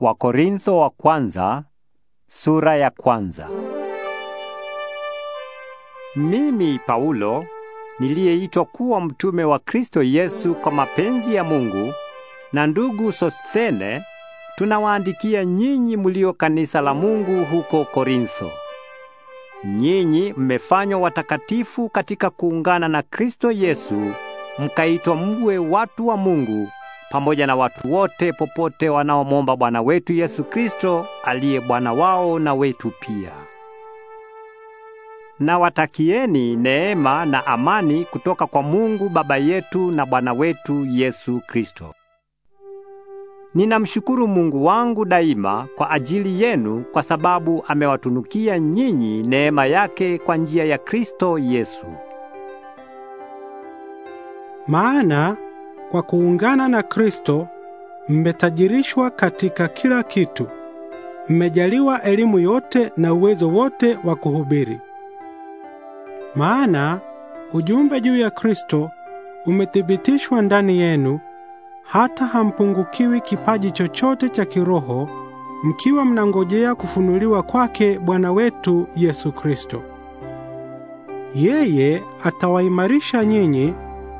Wakorintho wa kwanza, sura ya kwanza. Mimi Paulo niliyeitwa kuwa mtume wa Kristo Yesu kwa mapenzi ya Mungu na ndugu Sosthene tunawaandikia nyinyi mlio kanisa la Mungu huko Korintho. Nyinyi mmefanywa watakatifu katika kuungana na Kristo Yesu mkaitwa mwe watu wa Mungu pamoja na watu wote popote wanaomwomba Bwana wetu Yesu Kristo aliye Bwana wao na wetu pia. Na watakieni neema na amani kutoka kwa Mungu Baba yetu na Bwana wetu Yesu Kristo. Ninamshukuru Mungu wangu daima kwa ajili yenu kwa sababu amewatunukia nyinyi neema yake kwa njia ya Kristo Yesu. Maana kwa kuungana na Kristo mmetajirishwa katika kila kitu. Mmejaliwa elimu yote na uwezo wote wa kuhubiri. Maana ujumbe juu ya Kristo umethibitishwa ndani yenu hata hampungukiwi kipaji chochote cha kiroho mkiwa mnangojea kufunuliwa kwake Bwana wetu Yesu Kristo. Yeye atawaimarisha nyinyi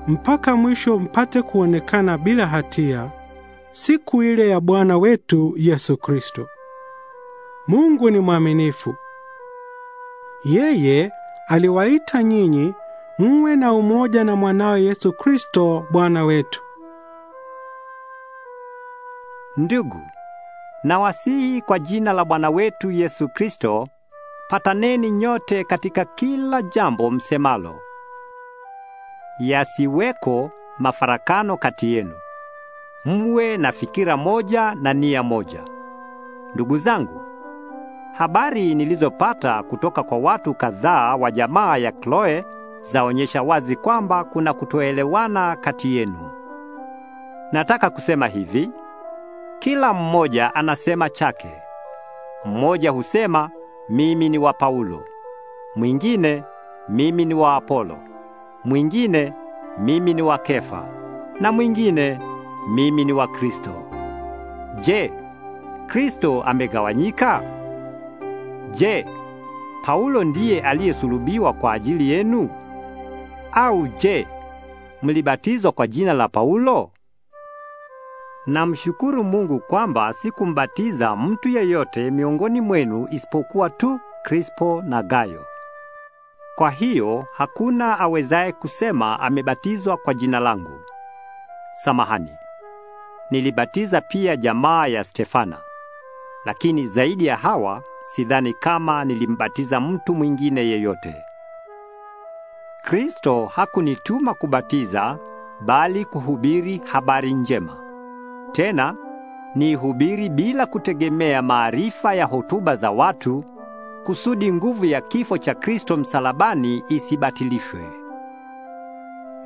mpaka mwisho mpate kuonekana bila hatia siku ile ya Bwana wetu Yesu Kristo. Mungu ni mwaminifu. Yeye aliwaita nyinyi muwe na umoja na mwanawe Yesu Kristo Bwana wetu. Ndugu, nawasihi kwa jina la Bwana wetu Yesu Kristo, pataneni nyote katika kila jambo msemalo yasiweko mafarakano kati yenu. Mwe na fikira moja na nia moja. Ndugu zangu, habari nilizopata kutoka kwa watu kadhaa wa jamaa ya Kloe zaonyesha wazi kwamba kuna kutoelewana kati yenu. Nataka kusema hivi, kila mmoja anasema chake. Mmoja husema mimi ni wa Paulo, mwingine mimi ni wa Apolo mwingine mimi ni wa Kefa na mwingine mimi ni wa Kristo. Je, Kristo amegawanyika? Je, Paulo ndiye aliyesulubiwa kwa ajili yenu? Au je, mlibatizwa kwa jina la Paulo? Namshukuru Mungu kwamba sikumbatiza mtu yeyote miongoni mwenu isipokuwa tu Krispo na Gayo. Kwa hiyo hakuna awezaye kusema amebatizwa kwa jina langu. Samahani. Nilibatiza pia jamaa ya Stefana. Lakini zaidi ya hawa sidhani kama nilimbatiza mtu mwingine yeyote. Kristo hakunituma kubatiza bali kuhubiri habari njema. Tena niihubiri bila kutegemea maarifa ya hotuba za watu kusudi nguvu ya kifo cha Kristo msalabani isibatilishwe.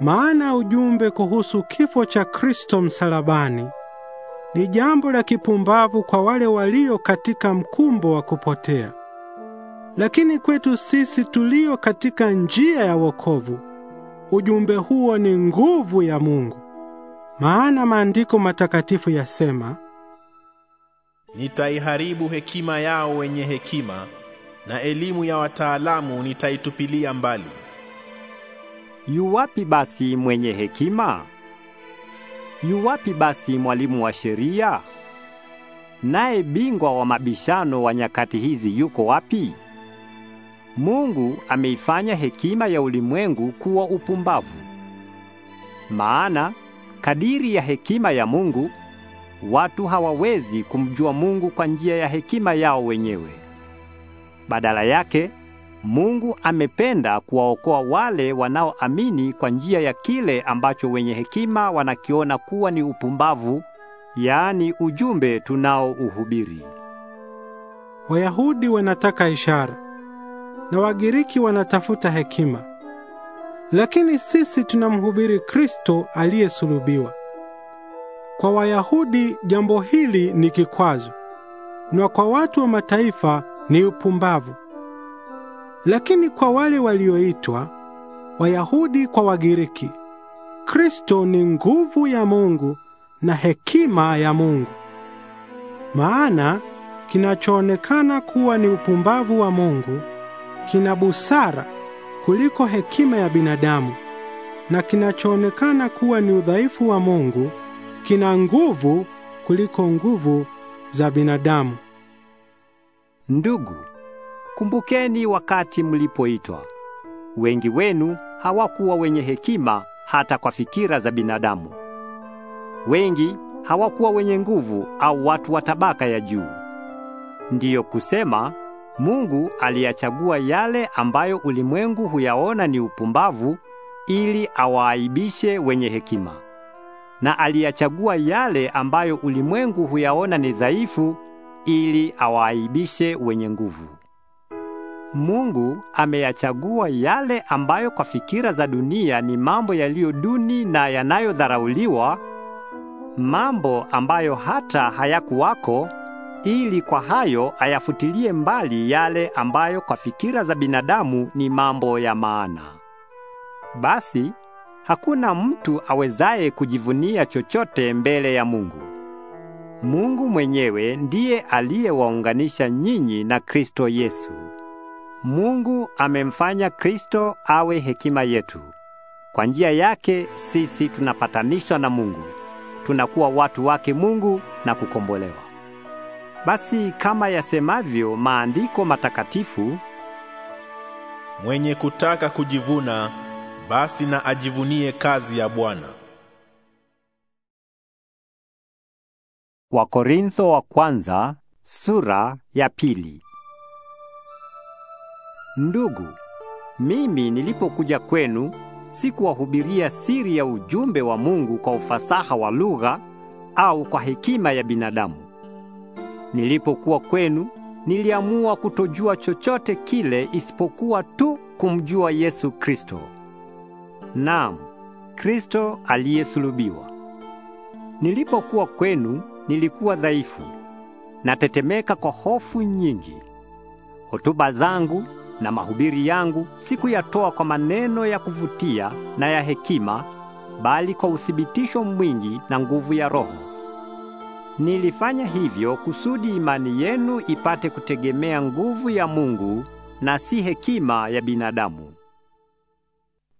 Maana ujumbe kuhusu kifo cha Kristo msalabani ni jambo la kipumbavu kwa wale walio katika mkumbo wa kupotea, lakini kwetu sisi tulio katika njia ya wokovu ujumbe huo ni nguvu ya Mungu. Maana maandiko matakatifu yasema, nitaiharibu hekima yao wenye hekima na elimu ya wataalamu nitaitupilia mbali. yu wapi basi mwenye hekima? yu wapi basi mwalimu wa sheria? Naye bingwa wa mabishano wa nyakati hizi yuko wapi? Mungu ameifanya hekima ya ulimwengu kuwa upumbavu. Maana kadiri ya hekima ya Mungu, watu hawawezi kumjua Mungu kwa njia ya hekima yao wenyewe. Badala yake, Mungu amependa kuwaokoa wale wanaoamini kwa njia ya kile ambacho wenye hekima wanakiona kuwa ni upumbavu, yaani ujumbe tunaouhubiri. Wayahudi wanataka ishara na Wagiriki wanatafuta hekima. Lakini sisi tunamhubiri Kristo aliyesulubiwa. Kwa Wayahudi jambo hili ni kikwazo, na kwa watu wa mataifa ni upumbavu. Lakini kwa wale walioitwa, Wayahudi kwa Wagiriki, Kristo ni nguvu ya Mungu na hekima ya Mungu. Maana kinachoonekana kuwa ni upumbavu wa Mungu kina busara kuliko hekima ya binadamu, na kinachoonekana kuwa ni udhaifu wa Mungu kina nguvu kuliko nguvu za binadamu. Ndugu, kumbukeni wakati mlipoitwa. Wengi wenu hawakuwa wenye hekima hata kwa fikira za binadamu. Wengi hawakuwa wenye nguvu au watu wa tabaka ya juu. Ndiyo kusema Mungu aliyachagua yale ambayo ulimwengu huyaona ni upumbavu ili awaaibishe wenye hekima. Na aliyachagua yale ambayo ulimwengu huyaona ni dhaifu ili awaaibishe wenye nguvu. Mungu ameyachagua yale ambayo kwa fikira za dunia ni mambo yaliyo duni na yanayodharauliwa, mambo ambayo hata hayakuwako, ili kwa hayo ayafutilie mbali yale ambayo kwa fikira za binadamu ni mambo ya maana. Basi hakuna mtu awezaye kujivunia chochote mbele ya Mungu. Mungu mwenyewe ndiye aliyewaunganisha nyinyi na Kristo Yesu. Mungu amemfanya Kristo awe hekima yetu. Kwa njia yake sisi tunapatanishwa na Mungu. Tunakuwa watu wake Mungu na kukombolewa. Basi kama yasemavyo maandiko matakatifu, mwenye kutaka kujivuna basi na ajivunie kazi ya Bwana. Wakorintho wa kwanza sura ya pili. Ndugu, mimi nilipokuja kwenu sikuwahubiria siri ya ujumbe wa Mungu kwa ufasaha wa lugha au kwa hekima ya binadamu. Nilipokuwa kwenu niliamua kutojua chochote kile isipokuwa tu kumjua Yesu Kristo. Naam, Kristo aliyesulubiwa. Nilipokuwa kwenu nilikuwa dhaifu, natetemeka kwa hofu nyingi. Hotuba zangu na mahubiri yangu sikuyatoa kwa maneno ya kuvutia na ya hekima, bali kwa uthibitisho mwingi na nguvu ya Roho. Nilifanya hivyo kusudi imani yenu ipate kutegemea nguvu ya Mungu na si hekima ya binadamu.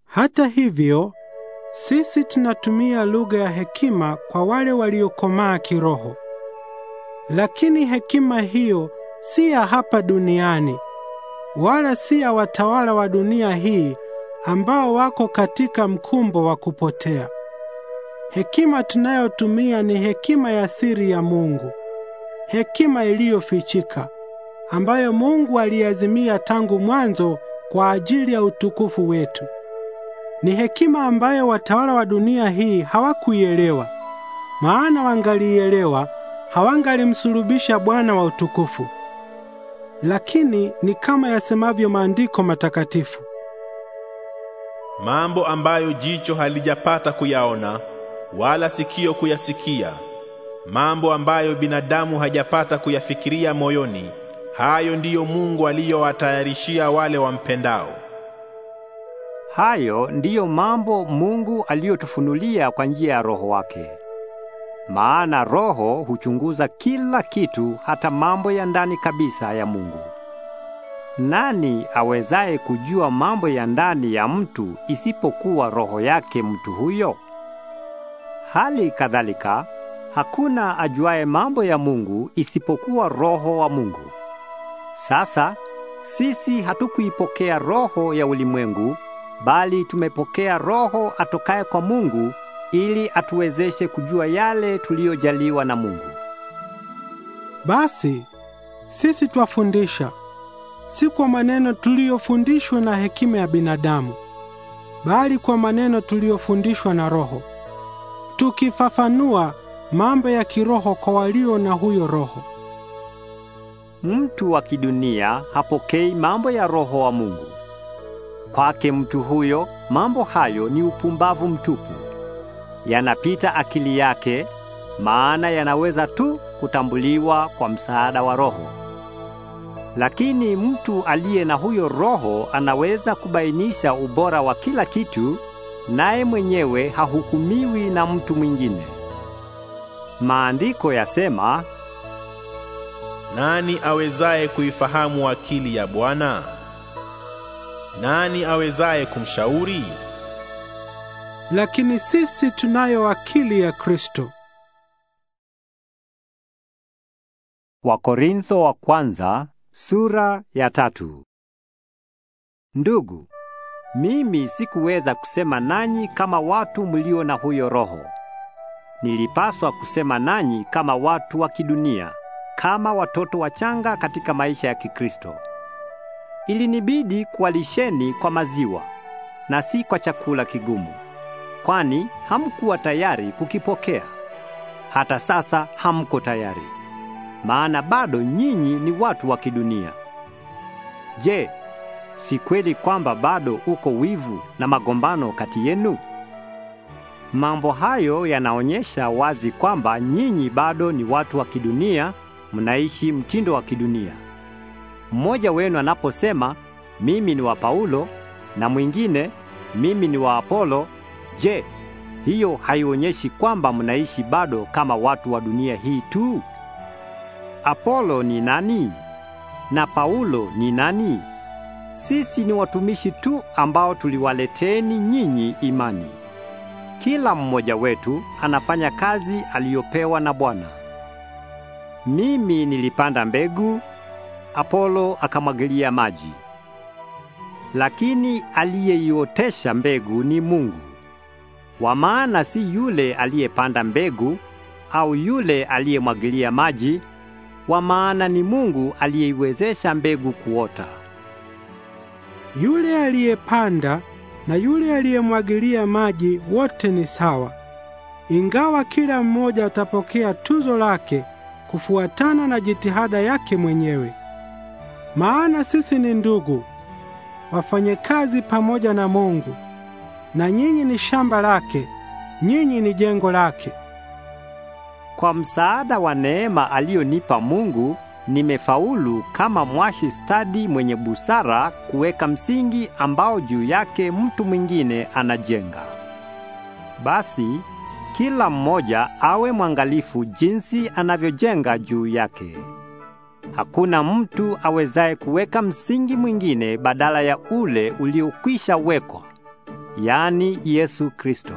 Hata hivyo, sisi tunatumia lugha ya hekima kwa wale waliokomaa kiroho. Lakini hekima hiyo si ya hapa duniani wala si ya watawala wa dunia hii ambao wako katika mkumbo wa kupotea. Hekima tunayotumia ni hekima ya siri ya Mungu, hekima iliyofichika ambayo Mungu aliazimia tangu mwanzo kwa ajili ya utukufu wetu. Ni hekima ambayo watawala wa dunia hii hawakuielewa. Maana wangaliielewa, hawangalimsulubisha Bwana wa utukufu. Lakini ni kama yasemavyo maandiko matakatifu, mambo ambayo jicho halijapata kuyaona wala sikio kuyasikia, mambo ambayo binadamu hajapata kuyafikiria moyoni, hayo ndiyo Mungu aliyowatayarishia wale wampendao. Hayo ndiyo mambo Mungu aliyotufunulia kwa njia ya Roho wake. Maana Roho huchunguza kila kitu, hata mambo ya ndani kabisa ya Mungu. Nani awezaye kujua mambo ya ndani ya mtu isipokuwa roho yake mtu huyo? Hali kadhalika, hakuna ajuaye mambo ya Mungu isipokuwa Roho wa Mungu. Sasa sisi hatukuipokea roho ya ulimwengu bali tumepokea Roho atokaye kwa Mungu ili atuwezeshe kujua yale tuliyojaliwa na Mungu. Basi sisi twafundisha si kwa maneno tuliyofundishwa na hekima ya binadamu, bali kwa maneno tuliyofundishwa na Roho, tukifafanua mambo ya kiroho kwa walio na huyo Roho. Mtu wa kidunia hapokei mambo ya Roho wa Mungu Kwake mtu huyo mambo hayo ni upumbavu mtupu, yanapita akili yake, maana yanaweza tu kutambuliwa kwa msaada wa Roho. Lakini mtu aliye na huyo Roho anaweza kubainisha ubora wa kila kitu, naye mwenyewe hahukumiwi na mtu mwingine. Maandiko yasema, nani awezaye kuifahamu akili ya Bwana? nani awezaye kumshauri? Lakini sisi tunayo akili ya Kristo. Wakorintho wa kwanza sura ya tatu. Ndugu, mimi sikuweza kusema nanyi kama watu mlio na huyo roho. Nilipaswa kusema nanyi kama watu wa kidunia, kama watoto wachanga katika maisha ya Kikristo ilinibidi kuwalisheni kwa maziwa na si kwa chakula kigumu, kwani hamkuwa tayari kukipokea. Hata sasa hamko tayari, maana bado nyinyi ni watu wa kidunia. Je, si kweli kwamba bado uko wivu na magombano kati yenu? Mambo hayo yanaonyesha wazi kwamba nyinyi bado ni watu wa kidunia, mnaishi mtindo wa kidunia mmoja wenu anaposema mimi ni wa Paulo na mwingine mimi ni wa Apolo, je, hiyo haionyeshi kwamba mnaishi bado kama watu wa dunia hii tu? Apolo ni nani? Na Paulo ni nani? Sisi ni watumishi tu ambao tuliwaleteni nyinyi imani. Kila mmoja wetu anafanya kazi aliyopewa na Bwana. Mimi nilipanda mbegu, Apolo akamwagilia maji. Lakini aliyeiotesha mbegu ni Mungu. Kwa maana si yule aliyepanda mbegu au yule aliyemwagilia maji, kwa maana ni Mungu aliyeiwezesha mbegu kuota. Yule aliyepanda na yule aliyemwagilia maji wote ni sawa, ingawa kila mmoja atapokea tuzo lake kufuatana na jitihada yake mwenyewe. Maana sisi ni ndugu, wafanye kazi pamoja na Mungu, na nyinyi ni shamba lake, nyinyi ni jengo lake. Kwa msaada wa neema aliyonipa Mungu, nimefaulu kama mwashi stadi mwenye busara kuweka msingi ambao juu yake mtu mwingine anajenga. Basi kila mmoja awe mwangalifu jinsi anavyojenga juu yake. Hakuna mtu awezaye kuweka msingi mwingine badala ya ule uliokwisha wekwa, yaani Yesu Kristo.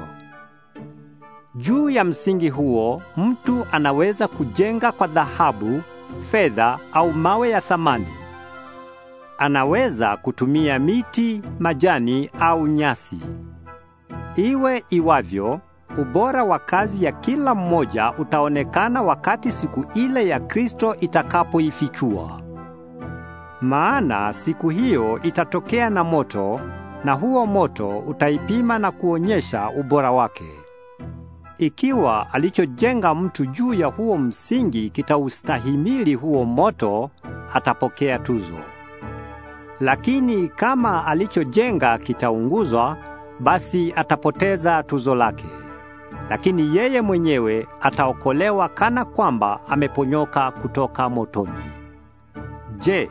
Juu ya msingi huo mtu anaweza kujenga kwa dhahabu, fedha au mawe ya thamani. Anaweza kutumia miti, majani au nyasi. Iwe iwavyo, Ubora wa kazi ya kila mmoja utaonekana wakati siku ile ya Kristo itakapoifichua. Maana siku hiyo itatokea na moto, na huo moto utaipima na kuonyesha ubora wake. Ikiwa alichojenga mtu juu ya huo msingi kitaustahimili huo moto, atapokea tuzo. Lakini kama alichojenga kitaunguzwa, basi atapoteza tuzo lake lakini yeye mwenyewe ataokolewa kana kwamba ameponyoka kutoka motoni. Je,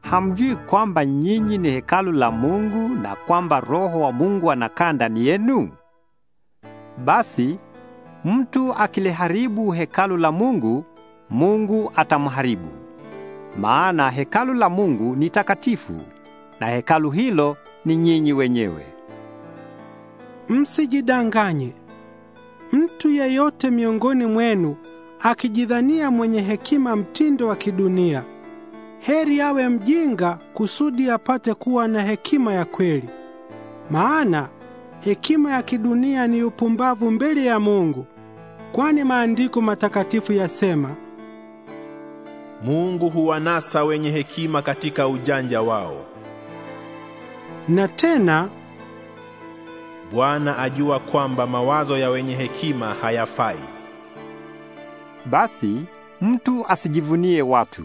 hamjui kwamba nyinyi ni hekalu la Mungu na kwamba Roho wa Mungu anakaa ndani yenu? Basi mtu akiliharibu hekalu la Mungu, Mungu atamharibu. Maana hekalu la Mungu ni takatifu na hekalu hilo ni nyinyi wenyewe. Msijidanganye. Mtu yeyote miongoni mwenu akijidhania mwenye hekima mtindo wa kidunia, heri awe mjinga kusudi apate kuwa na hekima ya kweli. Maana hekima ya kidunia ni upumbavu mbele ya Mungu, kwani maandiko matakatifu yasema, Mungu huwanasa wenye hekima katika ujanja wao. Na tena Bwana ajua kwamba mawazo ya wenye hekima hayafai. Basi mtu asijivunie watu,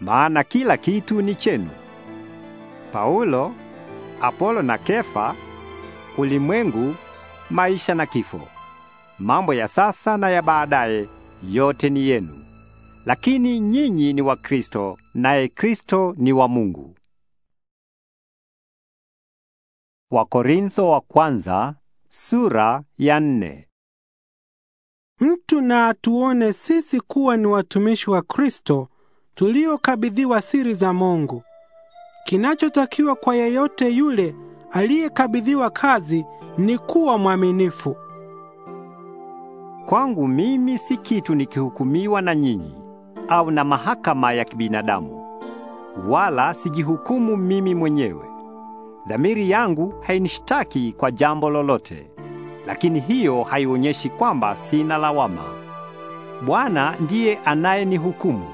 maana kila kitu ni chenu. Paulo, Apolo na Kefa, ulimwengu, maisha na kifo. Mambo ya sasa na ya baadaye yote ni yenu. Lakini nyinyi ni wa Kristo, naye Kristo ni wa Mungu. Wakorintho wa kwanza sura ya nne. Mtu na atuone sisi kuwa ni watumishi wa Kristo tuliokabidhiwa siri za Mungu. Kinachotakiwa kwa yeyote yule aliyekabidhiwa kazi ni kuwa mwaminifu. Kwangu mimi si kitu nikihukumiwa na nyinyi au na mahakama ya kibinadamu. Wala sijihukumu mimi mwenyewe. Dhamiri yangu hainishtaki kwa jambo lolote, lakini hiyo haionyeshi kwamba sina lawama. Bwana ndiye anayenihukumu.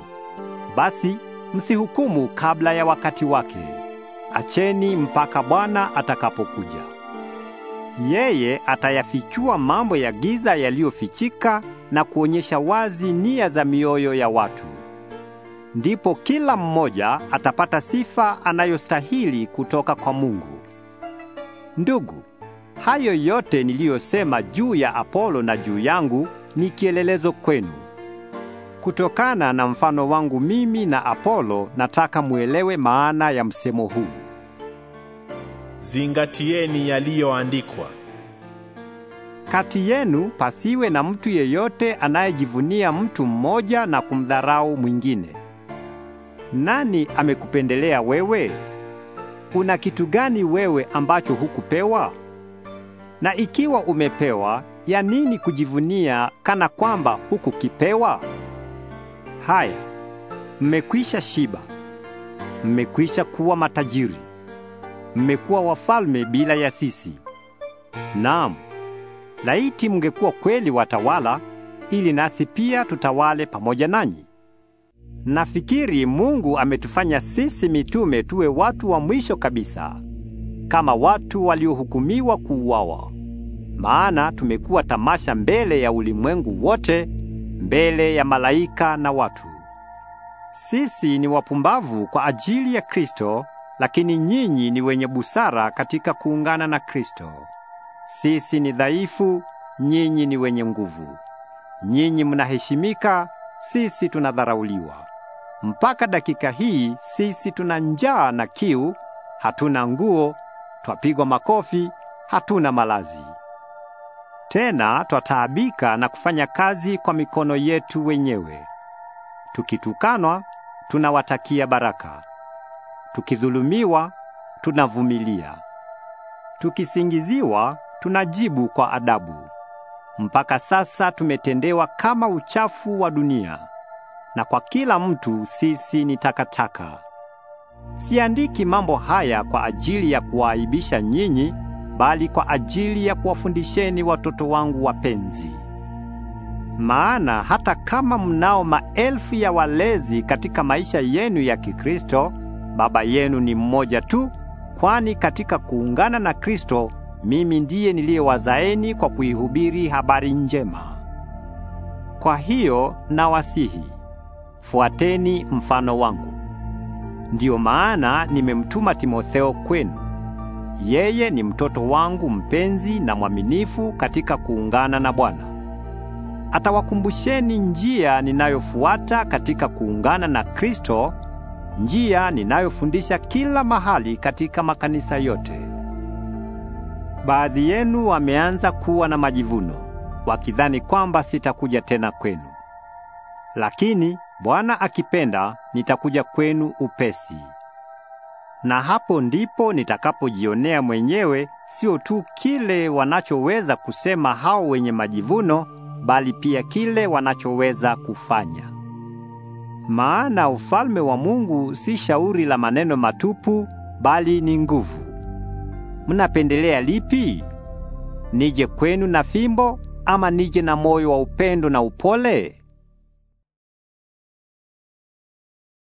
Basi msihukumu kabla ya wakati wake. Acheni mpaka Bwana atakapokuja. Yeye atayafichua mambo ya giza yaliyofichika na kuonyesha wazi nia za mioyo ya watu ndipo kila mmoja atapata sifa anayostahili kutoka kwa Mungu. Ndugu, hayo yote niliyosema juu ya Apolo na juu yangu ni kielelezo kwenu. Kutokana na mfano wangu mimi na Apolo, nataka muelewe maana ya msemo huu. Zingatieni yaliyoandikwa. Kati yenu pasiwe na mtu yeyote anayejivunia mtu mmoja na kumdharau mwingine nani amekupendelea wewe? Kuna kitu gani wewe ambacho hukupewa? Na ikiwa umepewa, ya nini kujivunia kana kwamba hukukipewa? Haya, mmekwisha shiba, mmekwisha kuwa matajiri, mmekuwa wafalme bila ya sisi. Naam, laiti mngekuwa kweli watawala, ili nasi pia tutawale pamoja nanyi. Nafikiri Mungu ametufanya sisi mitume tuwe watu wa mwisho kabisa, kama watu waliohukumiwa kuuawa. Maana tumekuwa tamasha mbele ya ulimwengu wote, mbele ya malaika na watu. Sisi ni wapumbavu kwa ajili ya Kristo, lakini nyinyi ni wenye busara katika kuungana na Kristo. Sisi ni dhaifu, nyinyi ni wenye nguvu. Nyinyi mnaheshimika, sisi tunadharauliwa. Mpaka dakika hii sisi tuna njaa na kiu, hatuna nguo, twapigwa makofi, hatuna malazi. Tena twataabika na kufanya kazi kwa mikono yetu wenyewe. Tukitukanwa, tunawatakia baraka. Tukidhulumiwa, tunavumilia. Tukisingiziwa, tunajibu kwa adabu. Mpaka sasa tumetendewa kama uchafu wa dunia na kwa kila mtu sisi ni takataka. Siandiki mambo haya kwa ajili ya kuwaaibisha nyinyi, bali kwa ajili ya kuwafundisheni watoto wangu wapenzi. Maana hata kama mnao maelfu ya walezi katika maisha yenu ya Kikristo, baba yenu ni mmoja tu, kwani katika kuungana na Kristo mimi ndiye niliyewazaeni kwa kuihubiri habari njema. Kwa hiyo nawasihi fuateni mfano wangu. Ndiyo maana nimemtuma Timotheo kwenu. Yeye ni mtoto wangu mpenzi na mwaminifu katika kuungana na Bwana. Atawakumbusheni njia ninayofuata katika kuungana na Kristo, njia ninayofundisha kila mahali katika makanisa yote. Baadhi yenu wameanza kuwa na majivuno, wakidhani kwamba sitakuja tena kwenu. Lakini Bwana akipenda nitakuja kwenu upesi, na hapo ndipo nitakapojionea mwenyewe sio tu kile wanachoweza kusema hao wenye majivuno, bali pia kile wanachoweza kufanya. Maana ufalme wa Mungu si shauri la maneno matupu, bali ni nguvu. Mnapendelea lipi? Nije kwenu na fimbo ama nije na moyo wa upendo na upole?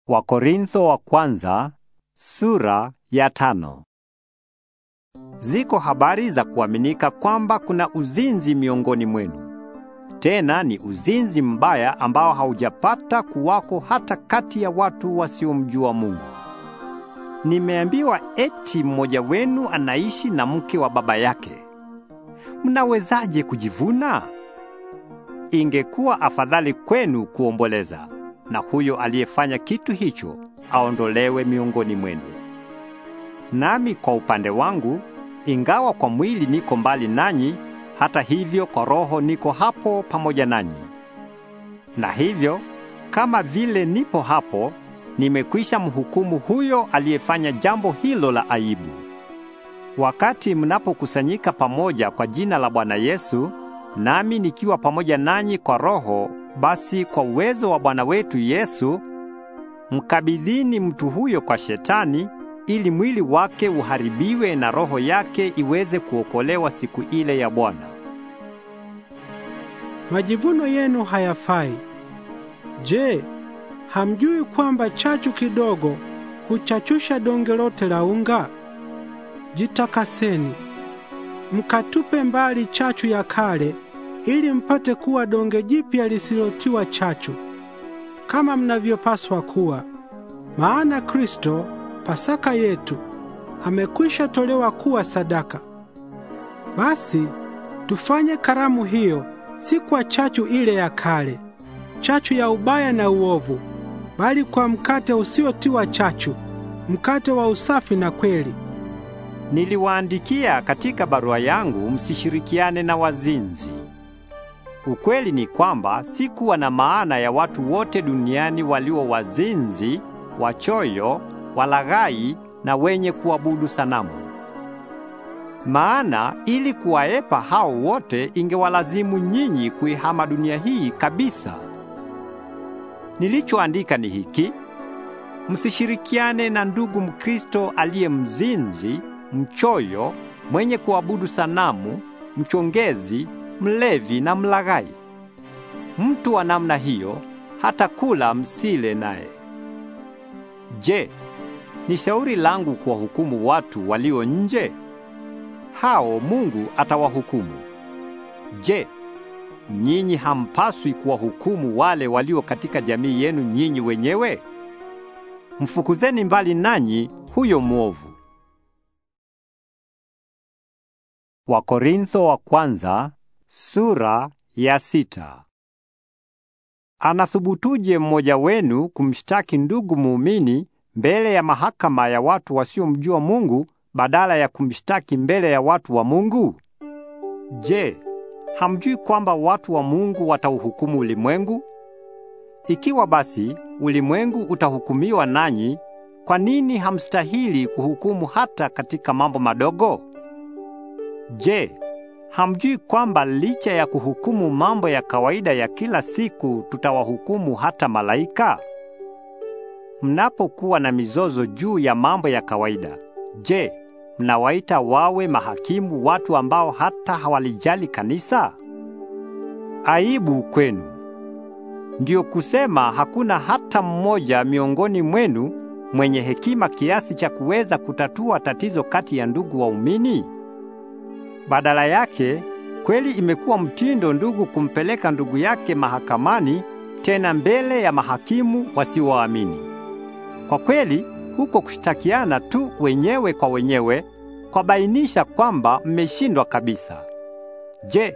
Wakorintho wa kwanza sura ya tano. Ziko habari za kuaminika kwamba kuna uzinzi miongoni mwenu. Tena ni uzinzi mbaya ambao haujapata kuwako hata kati ya watu wasiomjua Mungu. Nimeambiwa eti mmoja wenu anaishi na mke wa baba yake. Mnawezaje kujivuna? Ingekuwa afadhali kwenu kuomboleza na huyo aliyefanya kitu hicho aondolewe miongoni mwenu. Nami kwa upande wangu, ingawa kwa mwili niko mbali nanyi, hata hivyo kwa roho niko hapo pamoja nanyi. Na hivyo kama vile nipo hapo, nimekwisha mhukumu huyo aliyefanya jambo hilo la aibu. Wakati mnapokusanyika pamoja kwa jina la Bwana Yesu, nami nikiwa pamoja nanyi kwa roho, basi kwa uwezo wa Bwana wetu Yesu mkabidhini mtu huyo kwa Shetani ili mwili wake uharibiwe na roho yake iweze kuokolewa siku ile ya Bwana. Majivuno yenu hayafai. Je, hamjui kwamba chachu kidogo huchachusha donge lote la unga? Jitakaseni mkatupe mbali chachu ya kale ili mpate kuwa donge jipya lisilotiwa chachu, kama mnavyopaswa kuwa. Maana Kristo Pasaka yetu amekwisha tolewa kuwa sadaka. Basi tufanye karamu hiyo si kwa chachu ile ya kale, chachu ya ubaya na uovu, bali kwa mkate usiotiwa chachu, mkate wa usafi na kweli. Niliwaandikia katika barua yangu msishirikiane na wazinzi. Ukweli ni kwamba sikuwa na maana ya watu wote duniani walio wazinzi, wachoyo, walaghai na wenye kuabudu sanamu. Maana ili kuwaepa hao wote ingewalazimu nyinyi kuihama dunia hii kabisa. Nilichoandika ni hiki: msishirikiane na ndugu Mkristo aliye mzinzi, mchoyo, mwenye kuabudu sanamu, mchongezi mlevi na mlaghai. Mtu wa namna hiyo hata kula msile naye. Je, ni shauri langu kuwahukumu watu walio nje? Hao Mungu atawahukumu. Je, nyinyi hampaswi kuwahukumu wale walio katika jamii yenu nyinyi wenyewe? Mfukuzeni mbali nanyi huyo mwovu. Wakorintho wa kwanza Sura ya sita. Anathubutuje mmoja wenu kumshtaki ndugu muumini mbele ya mahakama ya watu wasiomjua Mungu badala ya kumshtaki mbele ya watu wa Mungu? Je, hamjui kwamba watu wa Mungu watauhukumu ulimwengu? Ikiwa basi ulimwengu utahukumiwa nanyi, kwa nini hamstahili kuhukumu hata katika mambo madogo? Je, Hamjui kwamba licha ya kuhukumu mambo ya kawaida ya kila siku, tutawahukumu hata malaika? Mnapokuwa na mizozo juu ya mambo ya kawaida, je, mnawaita wawe mahakimu watu ambao hata hawalijali kanisa? Aibu kwenu! Ndiyo kusema hakuna hata mmoja miongoni mwenu mwenye hekima kiasi cha kuweza kutatua tatizo kati ya ndugu waumini. Badala yake kweli imekuwa mtindo ndugu kumpeleka ndugu yake mahakamani, tena mbele ya mahakimu wasioamini. Kwa kweli huko kushtakiana tu wenyewe kwa wenyewe kwabainisha kwamba mmeshindwa kabisa. Je,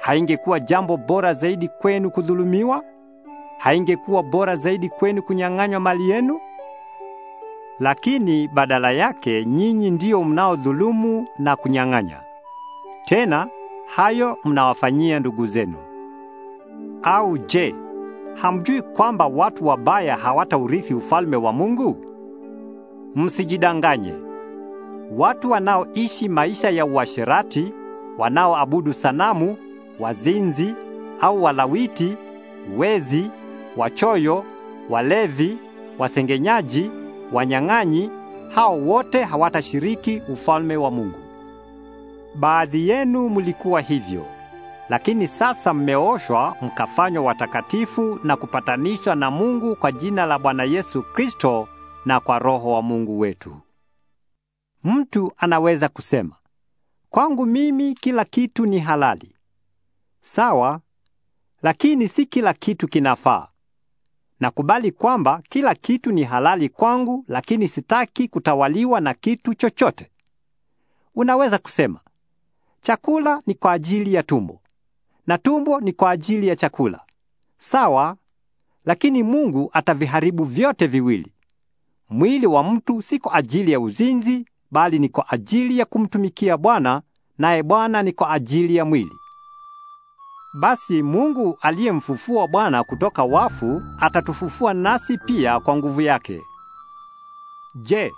haingekuwa jambo bora zaidi kwenu kudhulumiwa? Haingekuwa bora zaidi kwenu kunyang'anywa mali yenu? Lakini badala yake nyinyi ndiyo mnaodhulumu na kunyang'anya. Tena hayo mnawafanyia ndugu zenu. Au je, hamjui kwamba watu wabaya hawataurithi ufalme wa Mungu? Msijidanganye. Watu wanaoishi maisha ya uasherati, wanaoabudu sanamu, wazinzi au walawiti, wezi, wachoyo, walevi, wasengenyaji, wanyang'anyi, hao wote hawatashiriki ufalme wa Mungu. Baadhi yenu mlikuwa hivyo, lakini sasa mmeoshwa mkafanywa watakatifu na kupatanishwa na Mungu kwa jina la Bwana Yesu Kristo na kwa Roho wa Mungu wetu. Mtu anaweza kusema, kwangu mimi kila kitu ni halali. Sawa, lakini si kila kitu kinafaa. Nakubali kwamba kila kitu ni halali kwangu, lakini sitaki kutawaliwa na kitu chochote. Unaweza kusema, Chakula ni kwa ajili ya tumbo na tumbo ni kwa ajili ya chakula. Sawa, lakini Mungu ataviharibu vyote viwili. Mwili wa mtu si kwa ajili ya uzinzi, bali ni kwa ajili ya kumtumikia Bwana, naye Bwana ni kwa ajili ya mwili. Basi Mungu aliyemfufua Bwana kutoka wafu atatufufua nasi pia kwa nguvu yake. Je,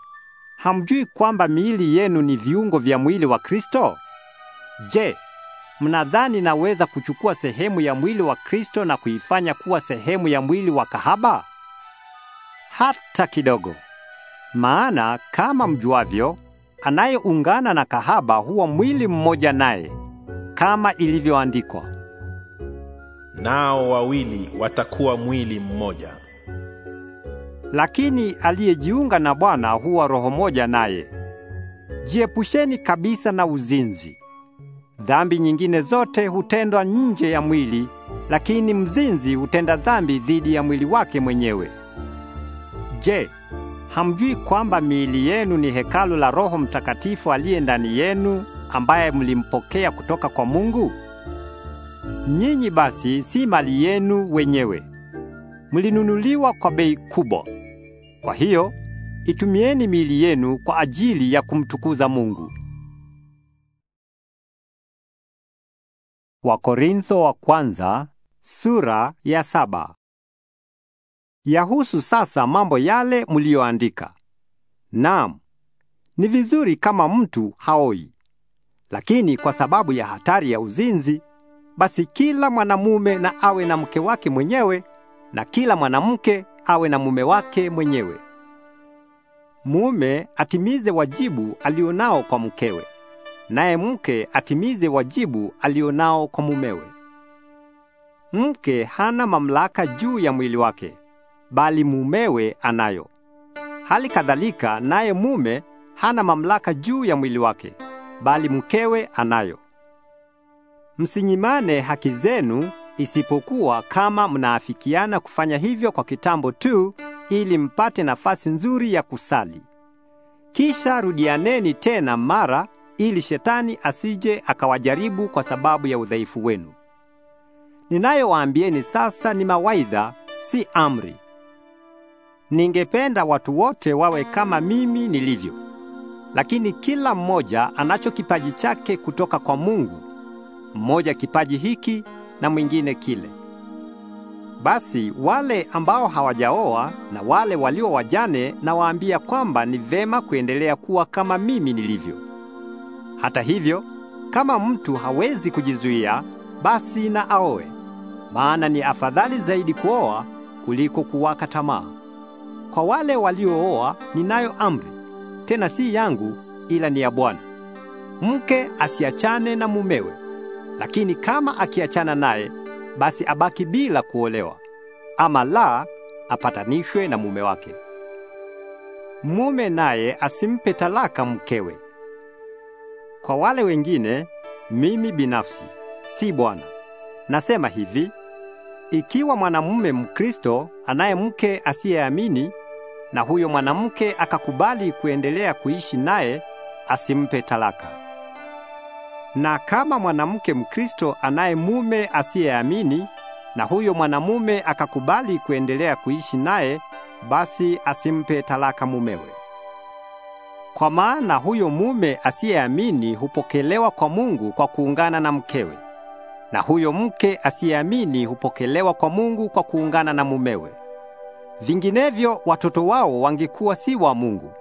hamjui kwamba miili yenu ni viungo vya mwili wa Kristo? Je, mnadhani naweza kuchukua sehemu ya mwili wa Kristo na kuifanya kuwa sehemu ya mwili wa kahaba? Hata kidogo. Maana kama mjuavyo, anayeungana na kahaba huwa mwili mmoja naye, kama ilivyoandikwa, nao wawili watakuwa mwili mmoja. Lakini aliyejiunga na Bwana huwa roho moja naye. Jiepusheni kabisa na uzinzi. Dhambi nyingine zote hutendwa nje ya mwili, lakini mzinzi hutenda dhambi dhidi ya mwili wake mwenyewe. Je, hamjui kwamba miili yenu ni hekalu la Roho Mtakatifu aliye ndani yenu ambaye mlimpokea kutoka kwa Mungu? Nyinyi basi si mali yenu wenyewe. Mlinunuliwa kwa bei kubwa. Kwa hiyo, itumieni miili yenu kwa ajili ya kumtukuza Mungu. Wakorintho wa kwanza sura ya saba. Yahusu sasa mambo yale mliyoandika. Naam, ni vizuri kama mtu haoi, lakini kwa sababu ya hatari ya uzinzi, basi kila mwanamume na awe na mke wake mwenyewe na kila mwanamke awe na mume wake mwenyewe. Mume atimize wajibu alionao kwa mkewe naye mke atimize wajibu alionao kwa mumewe. Mke hana mamlaka juu ya mwili wake, bali mumewe anayo. Hali kadhalika, naye mume hana mamlaka juu ya mwili wake, bali mkewe anayo. Msinyimane haki zenu, isipokuwa kama mnaafikiana kufanya hivyo kwa kitambo tu, ili mpate nafasi nzuri ya kusali. Kisha rudianeni tena mara ili shetani asije akawajaribu kwa sababu ya udhaifu wenu. Ninayowaambieni sasa ni mawaidha, si amri. Ningependa watu wote wawe kama mimi nilivyo, lakini kila mmoja anacho kipaji chake kutoka kwa Mungu, mmoja kipaji hiki na mwingine kile. Basi wale ambao hawajaoa na wale walio wajane, nawaambia kwamba ni vema kuendelea kuwa kama mimi nilivyo. Hata hivyo, kama mtu hawezi kujizuia, basi na aoe, maana ni afadhali zaidi kuoa kuliko kuwaka tamaa. Kwa wale waliooa ninayo amri, tena si yangu, ila ni ya Bwana: mke asiachane na mumewe, lakini kama akiachana naye, basi abaki bila kuolewa, ama la, apatanishwe na mume wake. Mume naye asimpe talaka mkewe kwa wale wengine, mimi binafsi, si Bwana. Nasema hivi, ikiwa mwanamume Mkristo anaye mke asiyeamini na huyo mwanamke akakubali kuendelea kuishi naye, asimpe talaka. Na kama mwanamke Mkristo anaye mume asiyeamini na huyo mwanamume akakubali kuendelea kuishi naye, basi asimpe talaka mumewe. Kwa maana huyo mume asiyeamini hupokelewa kwa Mungu kwa kuungana na mkewe, na huyo mke asiyeamini hupokelewa kwa Mungu kwa kuungana na mumewe. Vinginevyo watoto wao wangekuwa si wa Mungu,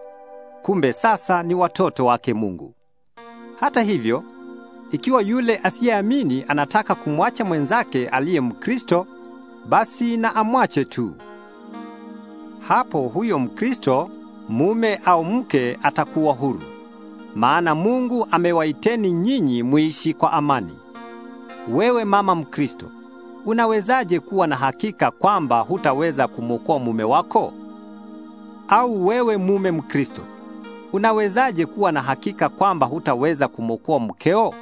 kumbe sasa ni watoto wake Mungu. Hata hivyo, ikiwa yule asiyeamini anataka kumwacha mwenzake aliye Mkristo, basi na amwache tu. Hapo huyo Mkristo mume au mke atakuwa huru, maana Mungu amewaiteni nyinyi muishi kwa amani. Wewe mama Mkristo, unawezaje kuwa na hakika kwamba hutaweza kumwokoa mume wako? Au wewe mume Mkristo, unawezaje kuwa na hakika kwamba hutaweza kumwokoa mkeo?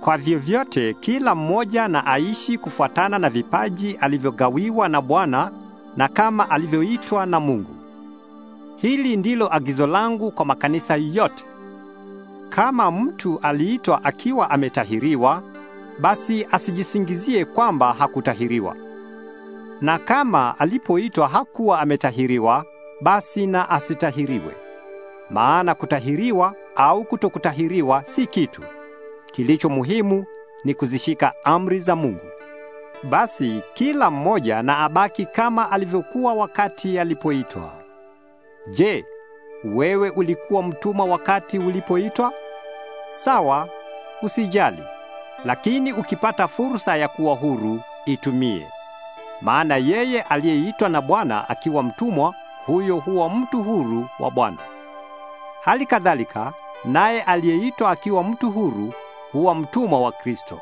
Kwa vyovyote, kila mmoja na aishi kufuatana na vipaji alivyogawiwa na Bwana na kama alivyoitwa na Mungu. Hili ndilo agizo langu kwa makanisa yote. Kama mtu aliitwa akiwa ametahiriwa, basi asijisingizie kwamba hakutahiriwa. Na kama alipoitwa hakuwa ametahiriwa, basi na asitahiriwe. Maana kutahiriwa au kutokutahiriwa si kitu. Kilicho muhimu ni kuzishika amri za Mungu. Basi kila mmoja na abaki kama alivyokuwa wakati alipoitwa. Je, wewe ulikuwa mtumwa wakati ulipoitwa? Sawa, usijali. Lakini ukipata fursa ya kuwa huru, itumie. Maana yeye aliyeitwa na Bwana akiwa mtumwa, huyo huwa mtu huru wa Bwana. Hali kadhalika, naye aliyeitwa akiwa mtu huru huwa mtumwa wa Kristo.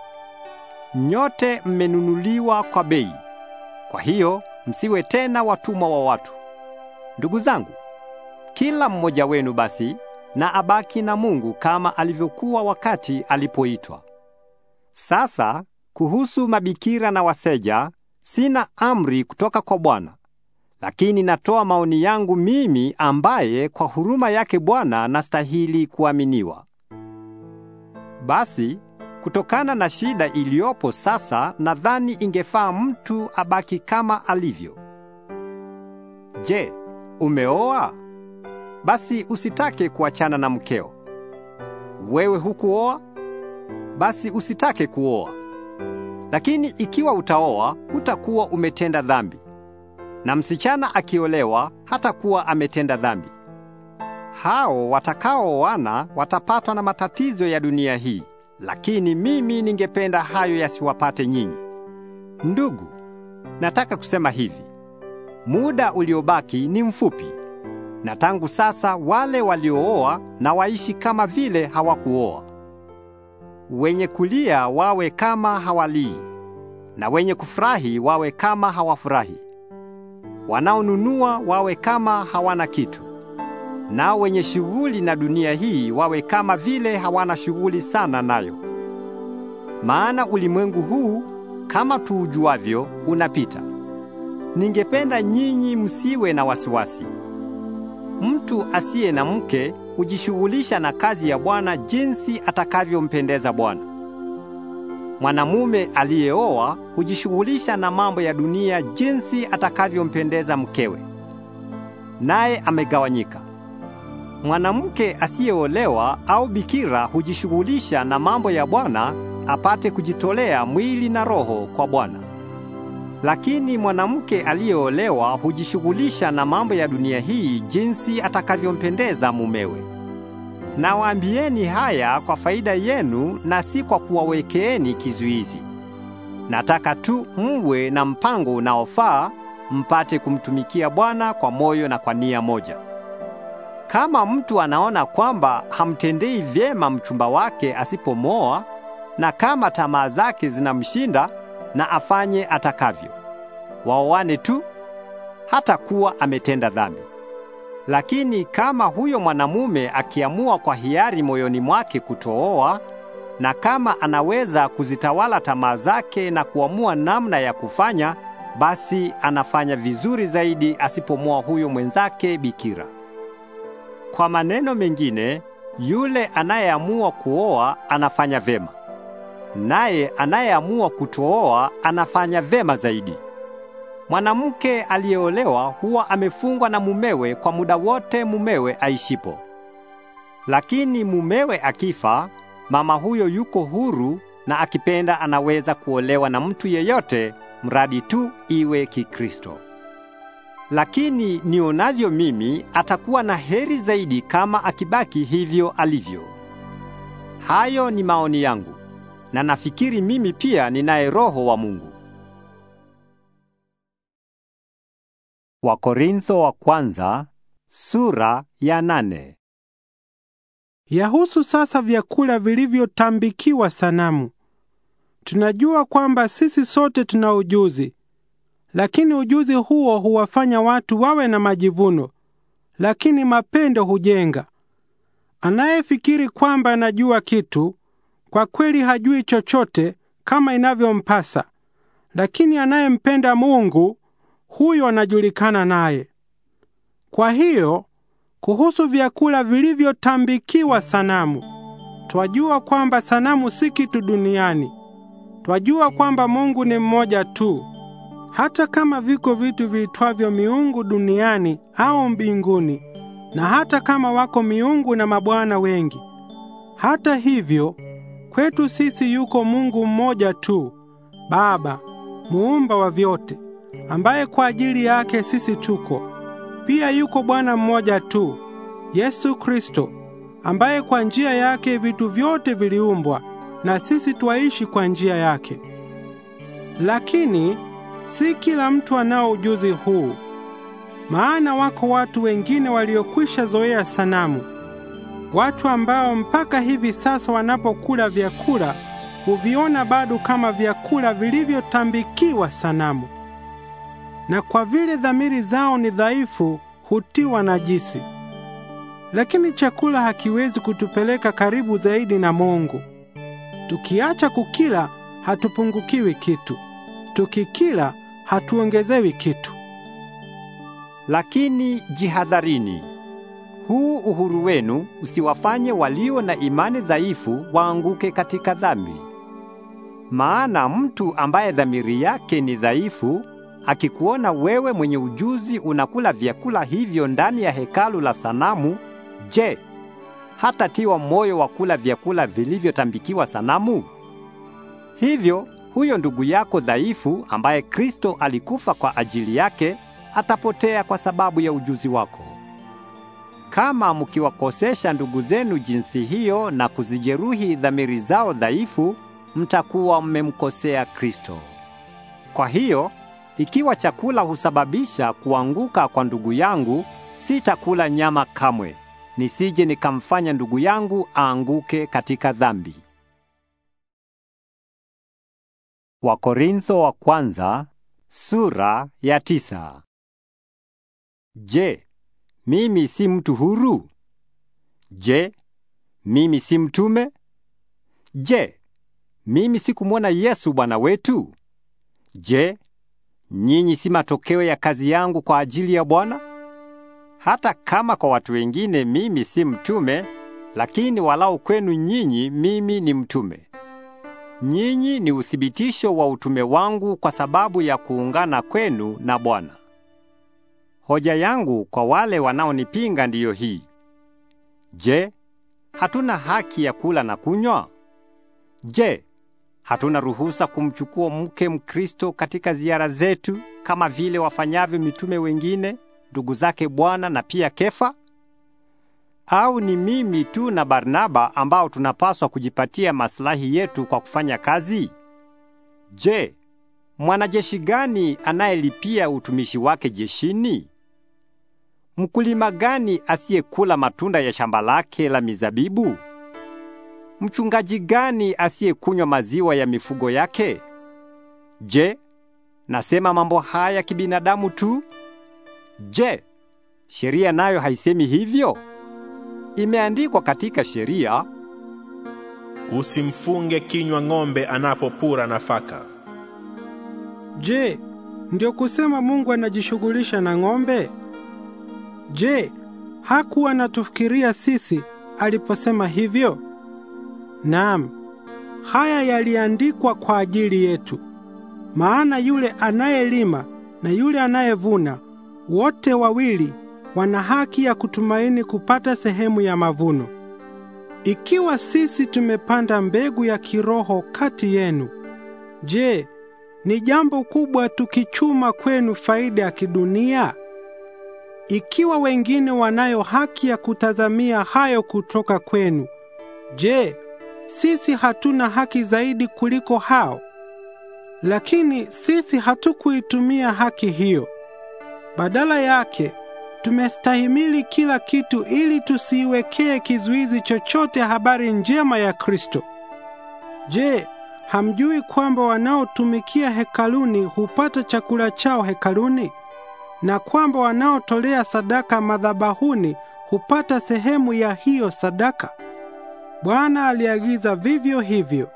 Nyote mmenunuliwa kwa bei. Kwa hiyo msiwe tena watumwa wa watu. Ndugu zangu, kila mmoja wenu basi na abaki na Mungu kama alivyokuwa wakati alipoitwa. Sasa kuhusu mabikira na waseja, sina amri kutoka kwa Bwana, lakini natoa maoni yangu mimi ambaye kwa huruma yake Bwana nastahili kuaminiwa. Basi kutokana na shida iliyopo sasa, nadhani ingefaa mtu abaki kama alivyo. Je, umeoa? basi usitake kuachana na mkeo. Wewe hukuoa, basi usitake kuoa. Lakini ikiwa utaoa, hutakuwa umetenda dhambi, na msichana akiolewa hatakuwa ametenda dhambi. Hao watakaooana watapatwa na matatizo ya dunia hii, lakini mimi ningependa hayo yasiwapate nyinyi. Ndugu, nataka kusema hivi: muda uliobaki ni mfupi. Na tangu sasa wale waliooa na waishi kama vile hawakuoa. Wenye kulia wawe kama hawalii, na wenye kufurahi wawe kama hawafurahi. Wanaonunua wawe kama hawana kitu, nao wenye shughuli na dunia hii wawe kama vile hawana shughuli sana nayo. Maana ulimwengu huu kama tuujuavyo unapita. Ningependa nyinyi msiwe na wasiwasi. Mtu asiye na mke hujishughulisha na kazi ya Bwana jinsi atakavyompendeza Bwana. Mwanamume aliyeoa hujishughulisha na mambo ya dunia jinsi atakavyompendeza mkewe. Naye amegawanyika. Mwanamke asiyeolewa au bikira hujishughulisha na mambo ya Bwana apate kujitolea mwili na roho kwa Bwana. Lakini mwanamke aliyeolewa hujishughulisha na mambo ya dunia hii jinsi atakavyompendeza mumewe. Nawaambieni haya kwa faida yenu na si kwa kuwawekeeni kizuizi. Nataka tu mwe na mpango unaofaa mpate kumtumikia Bwana kwa moyo na kwa nia moja. Kama mtu anaona kwamba hamtendei vyema mchumba wake asipomoa na kama tamaa zake zinamshinda na afanye atakavyo. Waoane tu hata kuwa ametenda dhambi. Lakini kama huyo mwanamume akiamua kwa hiari moyoni mwake kutooa na kama anaweza kuzitawala tamaa zake na kuamua namna ya kufanya, basi anafanya vizuri zaidi asipomoa huyo mwenzake bikira. Kwa maneno mengine, yule anayeamua kuoa anafanya vema naye anayeamua kutooa anafanya vema zaidi. Mwanamke aliyeolewa huwa amefungwa na mumewe kwa muda wote mumewe aishipo. Lakini mumewe akifa, mama huyo yuko huru na akipenda anaweza kuolewa na mtu yeyote mradi tu iwe Kikristo. Lakini nionavyo mimi, atakuwa na heri zaidi kama akibaki hivyo alivyo. Hayo ni maoni yangu na nafikiri mimi pia ninaye Roho wa Mungu. Wakorintho wa kwanza sura ya nane. Yahusu sasa vyakula vilivyotambikiwa sanamu. Tunajua kwamba sisi sote tuna ujuzi, lakini ujuzi huo huwafanya watu wawe na majivuno, lakini mapendo hujenga. Anayefikiri kwamba anajua kitu kwa kweli hajui chochote kama inavyompasa, lakini anayempenda Mungu huyo anajulikana naye. Kwa hiyo kuhusu vyakula vilivyotambikiwa sanamu, twajua kwamba sanamu si kitu duniani. Twajua kwamba Mungu ni mmoja tu. Hata kama viko vitu viitwavyo miungu duniani au mbinguni, na hata kama wako miungu na mabwana wengi, hata hivyo Kwetu sisi yuko Mungu mmoja tu, Baba muumba wa vyote, ambaye kwa ajili yake sisi tuko. Pia yuko Bwana mmoja tu, Yesu Kristo, ambaye kwa njia yake vitu vyote viliumbwa na sisi twaishi kwa njia yake. Lakini si kila mtu anao ujuzi huu, maana wako watu wengine waliokwisha zoea sanamu watu ambao mpaka hivi sasa wanapokula vyakula huviona bado kama vyakula vilivyotambikiwa sanamu, na kwa vile dhamiri zao ni dhaifu hutiwa najisi. Lakini chakula hakiwezi kutupeleka karibu zaidi na Mungu. Tukiacha kukila hatupungukiwi kitu, tukikila hatuongezewi kitu. Lakini jihadharini huu uhuru wenu usiwafanye walio na imani dhaifu waanguke katika dhambi. Maana mtu ambaye dhamiri yake ni dhaifu akikuona wewe mwenye ujuzi unakula vyakula hivyo ndani ya hekalu la sanamu, je, hatatiwa moyo wa kula vyakula vilivyotambikiwa sanamu? Hivyo huyo ndugu yako dhaifu ambaye Kristo alikufa kwa ajili yake atapotea kwa sababu ya ujuzi wako. Kama mkiwakosesha ndugu zenu jinsi hiyo na kuzijeruhi dhamiri zao dhaifu, mtakuwa mmemkosea Kristo. Kwa hiyo, ikiwa chakula husababisha kuanguka kwa ndugu yangu, sitakula nyama kamwe, nisije nikamfanya ndugu yangu aanguke katika dhambi. Wakorintho wa kwanza, sura ya tisa. Je, mimi si mtu huru? Je, mimi si mtume? Je, mimi sikumwona Yesu Bwana wetu? Je, nyinyi si matokeo ya kazi yangu kwa ajili ya Bwana? Hata kama kwa watu wengine mimi si mtume, lakini walau kwenu nyinyi mimi ni mtume. Nyinyi ni uthibitisho wa utume wangu kwa sababu ya kuungana kwenu na Bwana. Hoja yangu kwa wale wanaonipinga ndiyo hii. Je, hatuna haki ya kula na kunywa? Je, hatuna ruhusa kumchukua mke Mkristo katika ziara zetu kama vile wafanyavyo mitume wengine, ndugu zake Bwana na pia Kefa? Au ni mimi tu na Barnaba ambao tunapaswa kujipatia maslahi yetu kwa kufanya kazi? Je, mwanajeshi gani anayelipia utumishi wake jeshini? Mkulima gani asiyekula matunda ya shamba lake la mizabibu? Mchungaji gani asiyekunywa maziwa ya mifugo yake? Je, nasema mambo haya kibinadamu tu? Je, sheria nayo haisemi hivyo? Imeandikwa katika sheria, usimfunge kinywa ng'ombe anapopura nafaka. Je, ndio kusema Mungu anajishughulisha na ng'ombe? Je, hakuwa natufikiria sisi aliposema hivyo? Naam, haya yaliandikwa kwa ajili yetu, maana yule anayelima na yule anayevuna wote wawili wana haki ya kutumaini kupata sehemu ya mavuno. Ikiwa sisi tumepanda mbegu ya kiroho kati yenu, je, ni jambo kubwa tukichuma kwenu faida ya kidunia? Ikiwa wengine wanayo haki ya kutazamia hayo kutoka kwenu, je, sisi hatuna haki zaidi kuliko hao? Lakini sisi hatukuitumia haki hiyo. Badala yake tumestahimili kila kitu ili tusiiwekee kizuizi chochote habari njema ya Kristo. Je, hamjui kwamba wanaotumikia hekaluni hupata chakula chao hekaluni? na kwamba wanaotolea sadaka madhabahuni hupata sehemu ya hiyo sadaka. Bwana aliagiza vivyo hivyo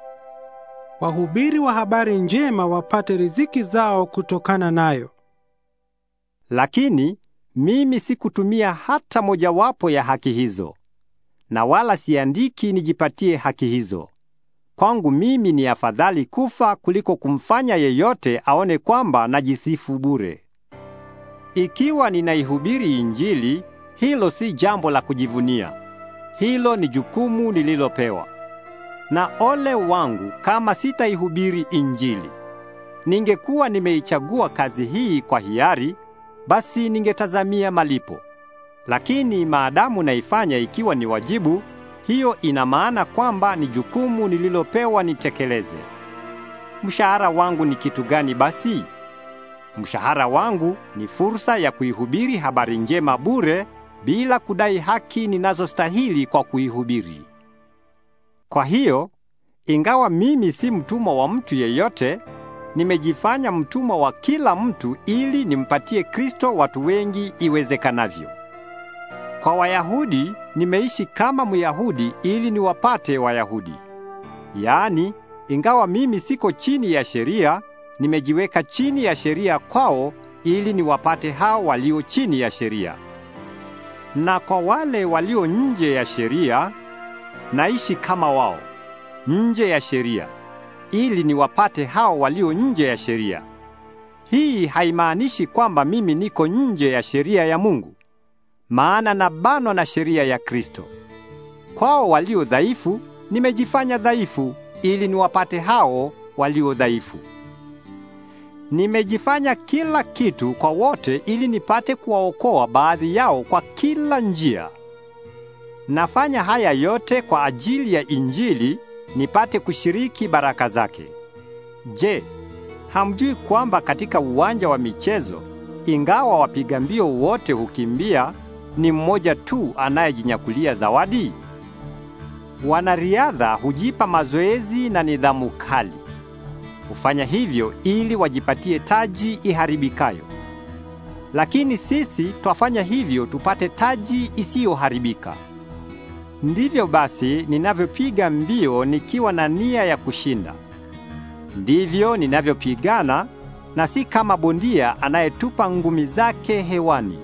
wahubiri wa habari njema wapate riziki zao kutokana nayo. Lakini mimi sikutumia hata mojawapo ya haki hizo, na wala siandiki nijipatie haki hizo. Kwangu mimi ni afadhali kufa kuliko kumfanya yeyote aone kwamba najisifu bure. Ikiwa ninaihubiri Injili, hilo si jambo la kujivunia. Hilo ni jukumu nililopewa. Na ole wangu kama sitaihubiri Injili. Ningekuwa nimeichagua kazi hii kwa hiari, basi ningetazamia malipo. Lakini maadamu naifanya ikiwa ni wajibu, hiyo ina maana kwamba ni jukumu nililopewa nitekeleze. Mshahara wangu ni kitu gani basi? Mshahara wangu ni fursa ya kuihubiri habari njema bure bila kudai haki ninazostahili kwa kuihubiri. Kwa hiyo, ingawa mimi si mtumwa wa mtu yeyote, nimejifanya mtumwa wa kila mtu ili nimpatie Kristo watu wengi iwezekanavyo. Kwa Wayahudi nimeishi kama Myahudi ili niwapate Wayahudi. Yaani, ingawa mimi siko chini ya sheria, nimejiweka chini ya sheria kwao ili niwapate hao walio chini ya sheria. Na kwa wale walio nje ya sheria naishi kama wao, nje ya sheria, ili niwapate hao walio nje ya sheria. Hii haimaanishi kwamba mimi niko nje ya sheria ya Mungu, maana nabanwa na sheria ya Kristo. Kwao walio dhaifu nimejifanya dhaifu ili niwapate hao walio dhaifu. Nimejifanya kila kitu kwa wote ili nipate kuwaokoa baadhi yao kwa kila njia. Nafanya haya yote kwa ajili ya Injili nipate kushiriki baraka zake. Je, hamjui kwamba katika uwanja wa michezo ingawa wapiga mbio wote hukimbia, ni mmoja tu anayejinyakulia zawadi? Wanariadha hujipa mazoezi na nidhamu kali. Hufanya hivyo ili wajipatie taji iharibikayo. Lakini sisi twafanya hivyo tupate taji isiyoharibika. Ndivyo basi ninavyopiga mbio nikiwa na nia ya kushinda. Ndivyo ninavyopigana na si kama bondia anayetupa ngumi zake hewani.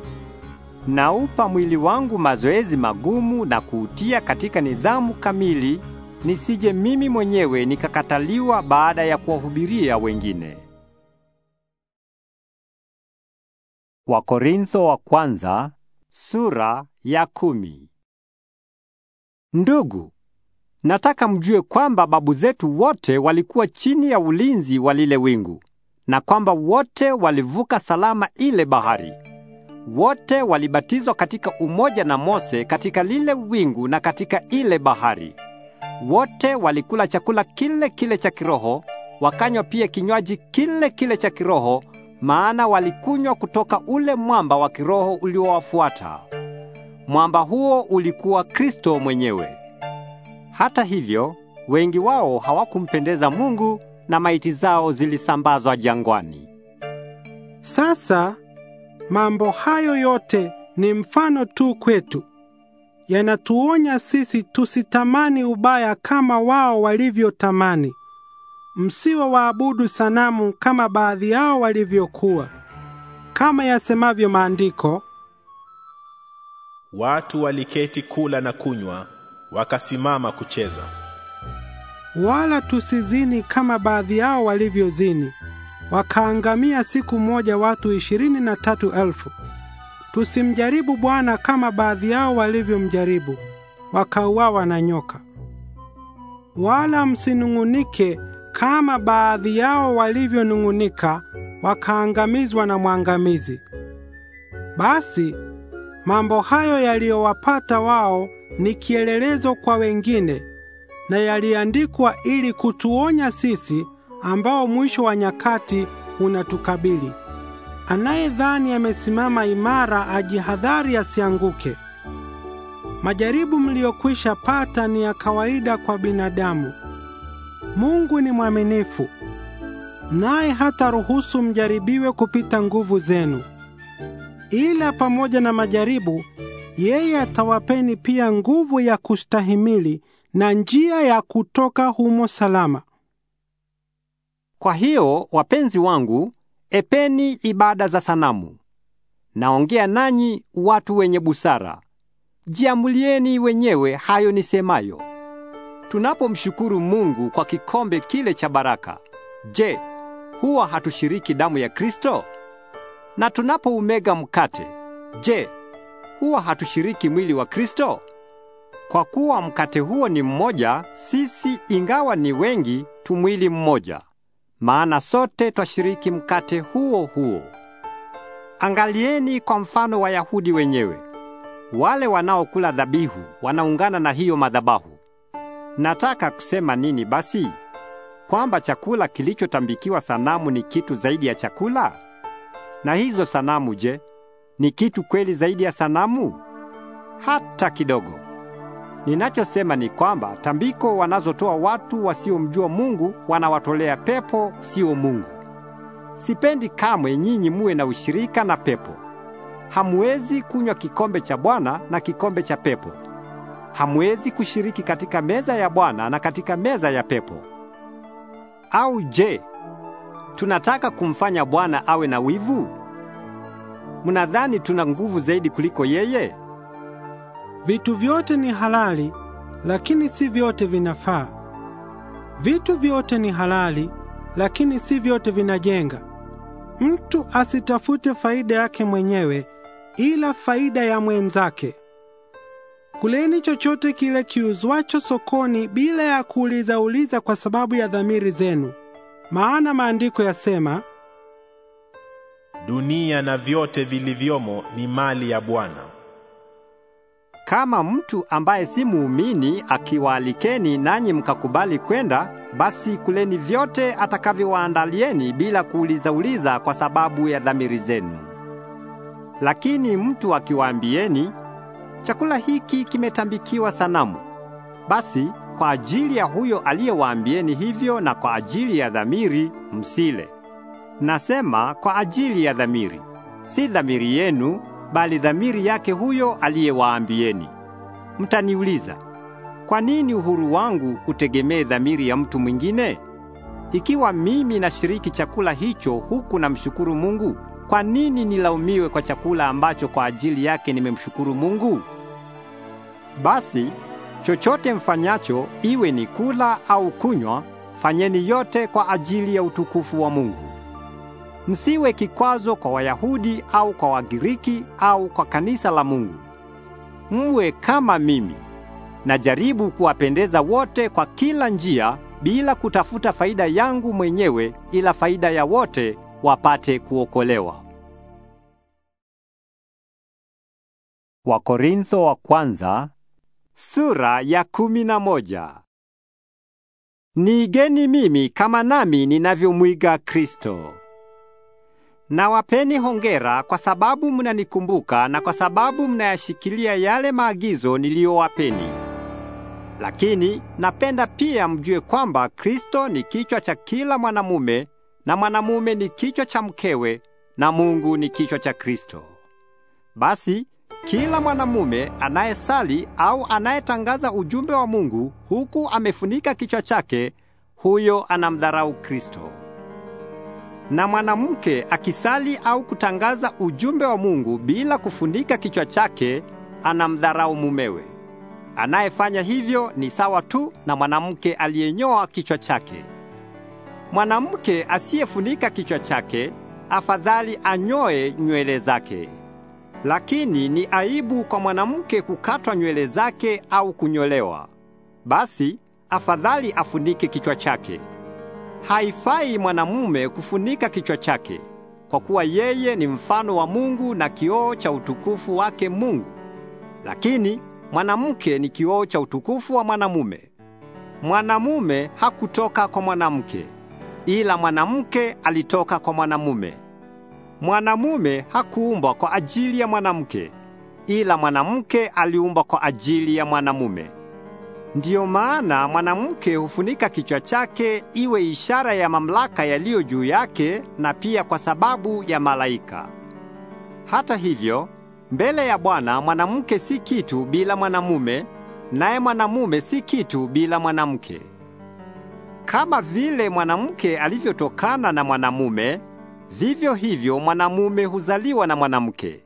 Naupa mwili wangu mazoezi magumu na kuutia katika nidhamu kamili nisije mimi mwenyewe nikakataliwa baada ya kuwahubiria wengine. Wakorintho wa kwanza sura ya kumi. Ndugu, nataka mjue kwamba babu zetu wote walikuwa chini ya ulinzi wa lile wingu na kwamba wote walivuka salama ile bahari. Wote walibatizwa katika umoja na Mose katika lile wingu na katika ile bahari. Wote walikula chakula kile kile cha kiroho, wakanywa pia kinywaji kile kile cha kiroho, maana walikunywa kutoka ule mwamba wa kiroho uliowafuata. Mwamba huo ulikuwa Kristo mwenyewe. Hata hivyo, wengi wao hawakumpendeza Mungu na maiti zao zilisambazwa jangwani. Sasa mambo hayo yote ni mfano tu kwetu yanatuonya sisi tusitamani ubaya kama wao walivyotamani. Msiwe waabudu sanamu kama baadhi yao walivyokuwa. Kama yasemavyo maandiko, watu waliketi kula na kunywa, wakasimama kucheza. Wala tusizini kama baadhi yao walivyozini, wakaangamia siku moja watu ishirini na tatu elfu. Tusimjaribu Bwana kama baadhi yao walivyomjaribu, wakauawa na nyoka. Wala msinung'unike kama baadhi yao walivyonung'unika, wakaangamizwa na mwangamizi. Basi mambo hayo yaliyowapata wao ni kielelezo kwa wengine na yaliandikwa ili kutuonya sisi ambao mwisho wa nyakati unatukabili. Anayedhani amesimama imara ajihadhari asianguke. Majaribu mliyokwisha pata ni ya kawaida kwa binadamu. Mungu ni mwaminifu, naye hataruhusu mjaribiwe kupita nguvu zenu, ila pamoja na majaribu yeye atawapeni pia nguvu ya kustahimili na njia ya kutoka humo salama. Kwa hiyo, wapenzi wangu, Epeni ibada za sanamu. Naongea nanyi watu wenye busara. Jiamulieni wenyewe hayo nisemayo. Tunapomshukuru Mungu kwa kikombe kile cha baraka, je, huwa hatushiriki damu ya Kristo? Na tunapoumega mkate, je, huwa hatushiriki mwili wa Kristo? Kwa kuwa mkate huo ni mmoja, sisi ingawa ni wengi, tu mwili mmoja maana sote twashiriki mkate huo huo. Angalieni kwa mfano Wayahudi wenyewe. Wale wanaokula dhabihu wanaungana na hiyo madhabahu. Nataka kusema nini basi? Kwamba chakula kilichotambikiwa sanamu ni kitu zaidi ya chakula? Na hizo sanamu je, ni kitu kweli zaidi ya sanamu? Hata kidogo. Ninachosema ni kwamba tambiko wanazotoa watu wasiomjua Mungu wanawatolea pepo, sio Mungu. Sipendi kamwe nyinyi muwe na ushirika na pepo. Hamwezi kunywa kikombe cha Bwana na kikombe cha pepo. Hamwezi kushiriki katika meza ya Bwana na katika meza ya pepo. Au je, tunataka kumfanya Bwana awe na wivu? Mnadhani tuna nguvu zaidi kuliko yeye? Vitu vyote ni halali, lakini si vyote vinafaa. Vitu vyote ni halali, lakini si vyote vinajenga. Mtu asitafute faida yake mwenyewe, ila faida ya mwenzake. Kuleni chochote kile kiuzwacho sokoni bila ya kuuliza uliza kwa sababu ya dhamiri zenu, maana maandiko yasema, dunia na vyote vilivyomo ni mali ya Bwana. Kama mtu ambaye si muumini akiwaalikeni nanyi mkakubali kwenda, basi kuleni vyote atakavyowaandalieni bila kuuliza uliza kwa sababu ya dhamiri zenu. Lakini mtu akiwaambieni, chakula hiki kimetambikiwa sanamu, basi kwa ajili ya huyo aliyewaambieni hivyo na kwa ajili ya dhamiri msile. Nasema kwa ajili ya dhamiri, si dhamiri yenu bali dhamiri yake huyo aliyewaambieni. Mtaniuliza, kwa nini uhuru wangu utegemee dhamiri ya mtu mwingine? Ikiwa mimi nashiriki chakula hicho huku namshukuru Mungu, kwa nini nilaumiwe kwa chakula ambacho kwa ajili yake nimemshukuru Mungu? Basi chochote mfanyacho, iwe ni kula au kunywa, fanyeni yote kwa ajili ya utukufu wa Mungu. Msiwe kikwazo kwa Wayahudi au kwa Wagiriki au kwa kanisa la Mungu. Mwe kama mimi. Najaribu kuwapendeza wote kwa kila njia bila kutafuta faida yangu mwenyewe ila faida ya wote wapate kuokolewa. Wakorintho wa kwanza sura ya kumi na moja. Niigeni mimi kama nami ninavyomwiga Kristo. Nawapeni hongera kwa sababu mnanikumbuka na kwa sababu mnayashikilia yale maagizo niliyowapeni. Lakini napenda pia mjue kwamba Kristo ni kichwa cha kila mwanamume na mwanamume ni kichwa cha mkewe na Mungu ni kichwa cha Kristo. Basi kila mwanamume anayesali au anayetangaza ujumbe wa Mungu huku amefunika kichwa chake, huyo anamdharau Kristo na mwanamke akisali au kutangaza ujumbe wa Mungu bila kufunika kichwa chake anamdharau mumewe. Anayefanya hivyo ni sawa tu na mwanamke aliyenyoa kichwa chake. Mwanamke asiyefunika kichwa chake afadhali anyoe nywele zake. Lakini ni aibu kwa mwanamke kukatwa nywele zake au kunyolewa. Basi afadhali afunike kichwa chake haifai mwanamume kufunika kichwa chake, kwa kuwa yeye ni mfano wa Mungu na kioo cha utukufu wake Mungu. Lakini mwanamke ni kioo cha utukufu wa mwanamume. Mwanamume hakutoka kwa mwanamke, ila mwanamke alitoka kwa mwanamume. Mwanamume hakuumbwa kwa ajili ya mwanamke, ila mwanamke aliumbwa kwa ajili ya mwanamume. Ndiyo maana mwanamke hufunika kichwa chake iwe ishara ya mamlaka yaliyo juu yake na pia kwa sababu ya malaika. Hata hivyo, mbele ya Bwana mwanamke si kitu bila mwanamume, naye mwanamume si kitu bila mwanamke. Kama vile mwanamke alivyotokana na mwanamume, vivyo hivyo mwanamume huzaliwa na mwanamke.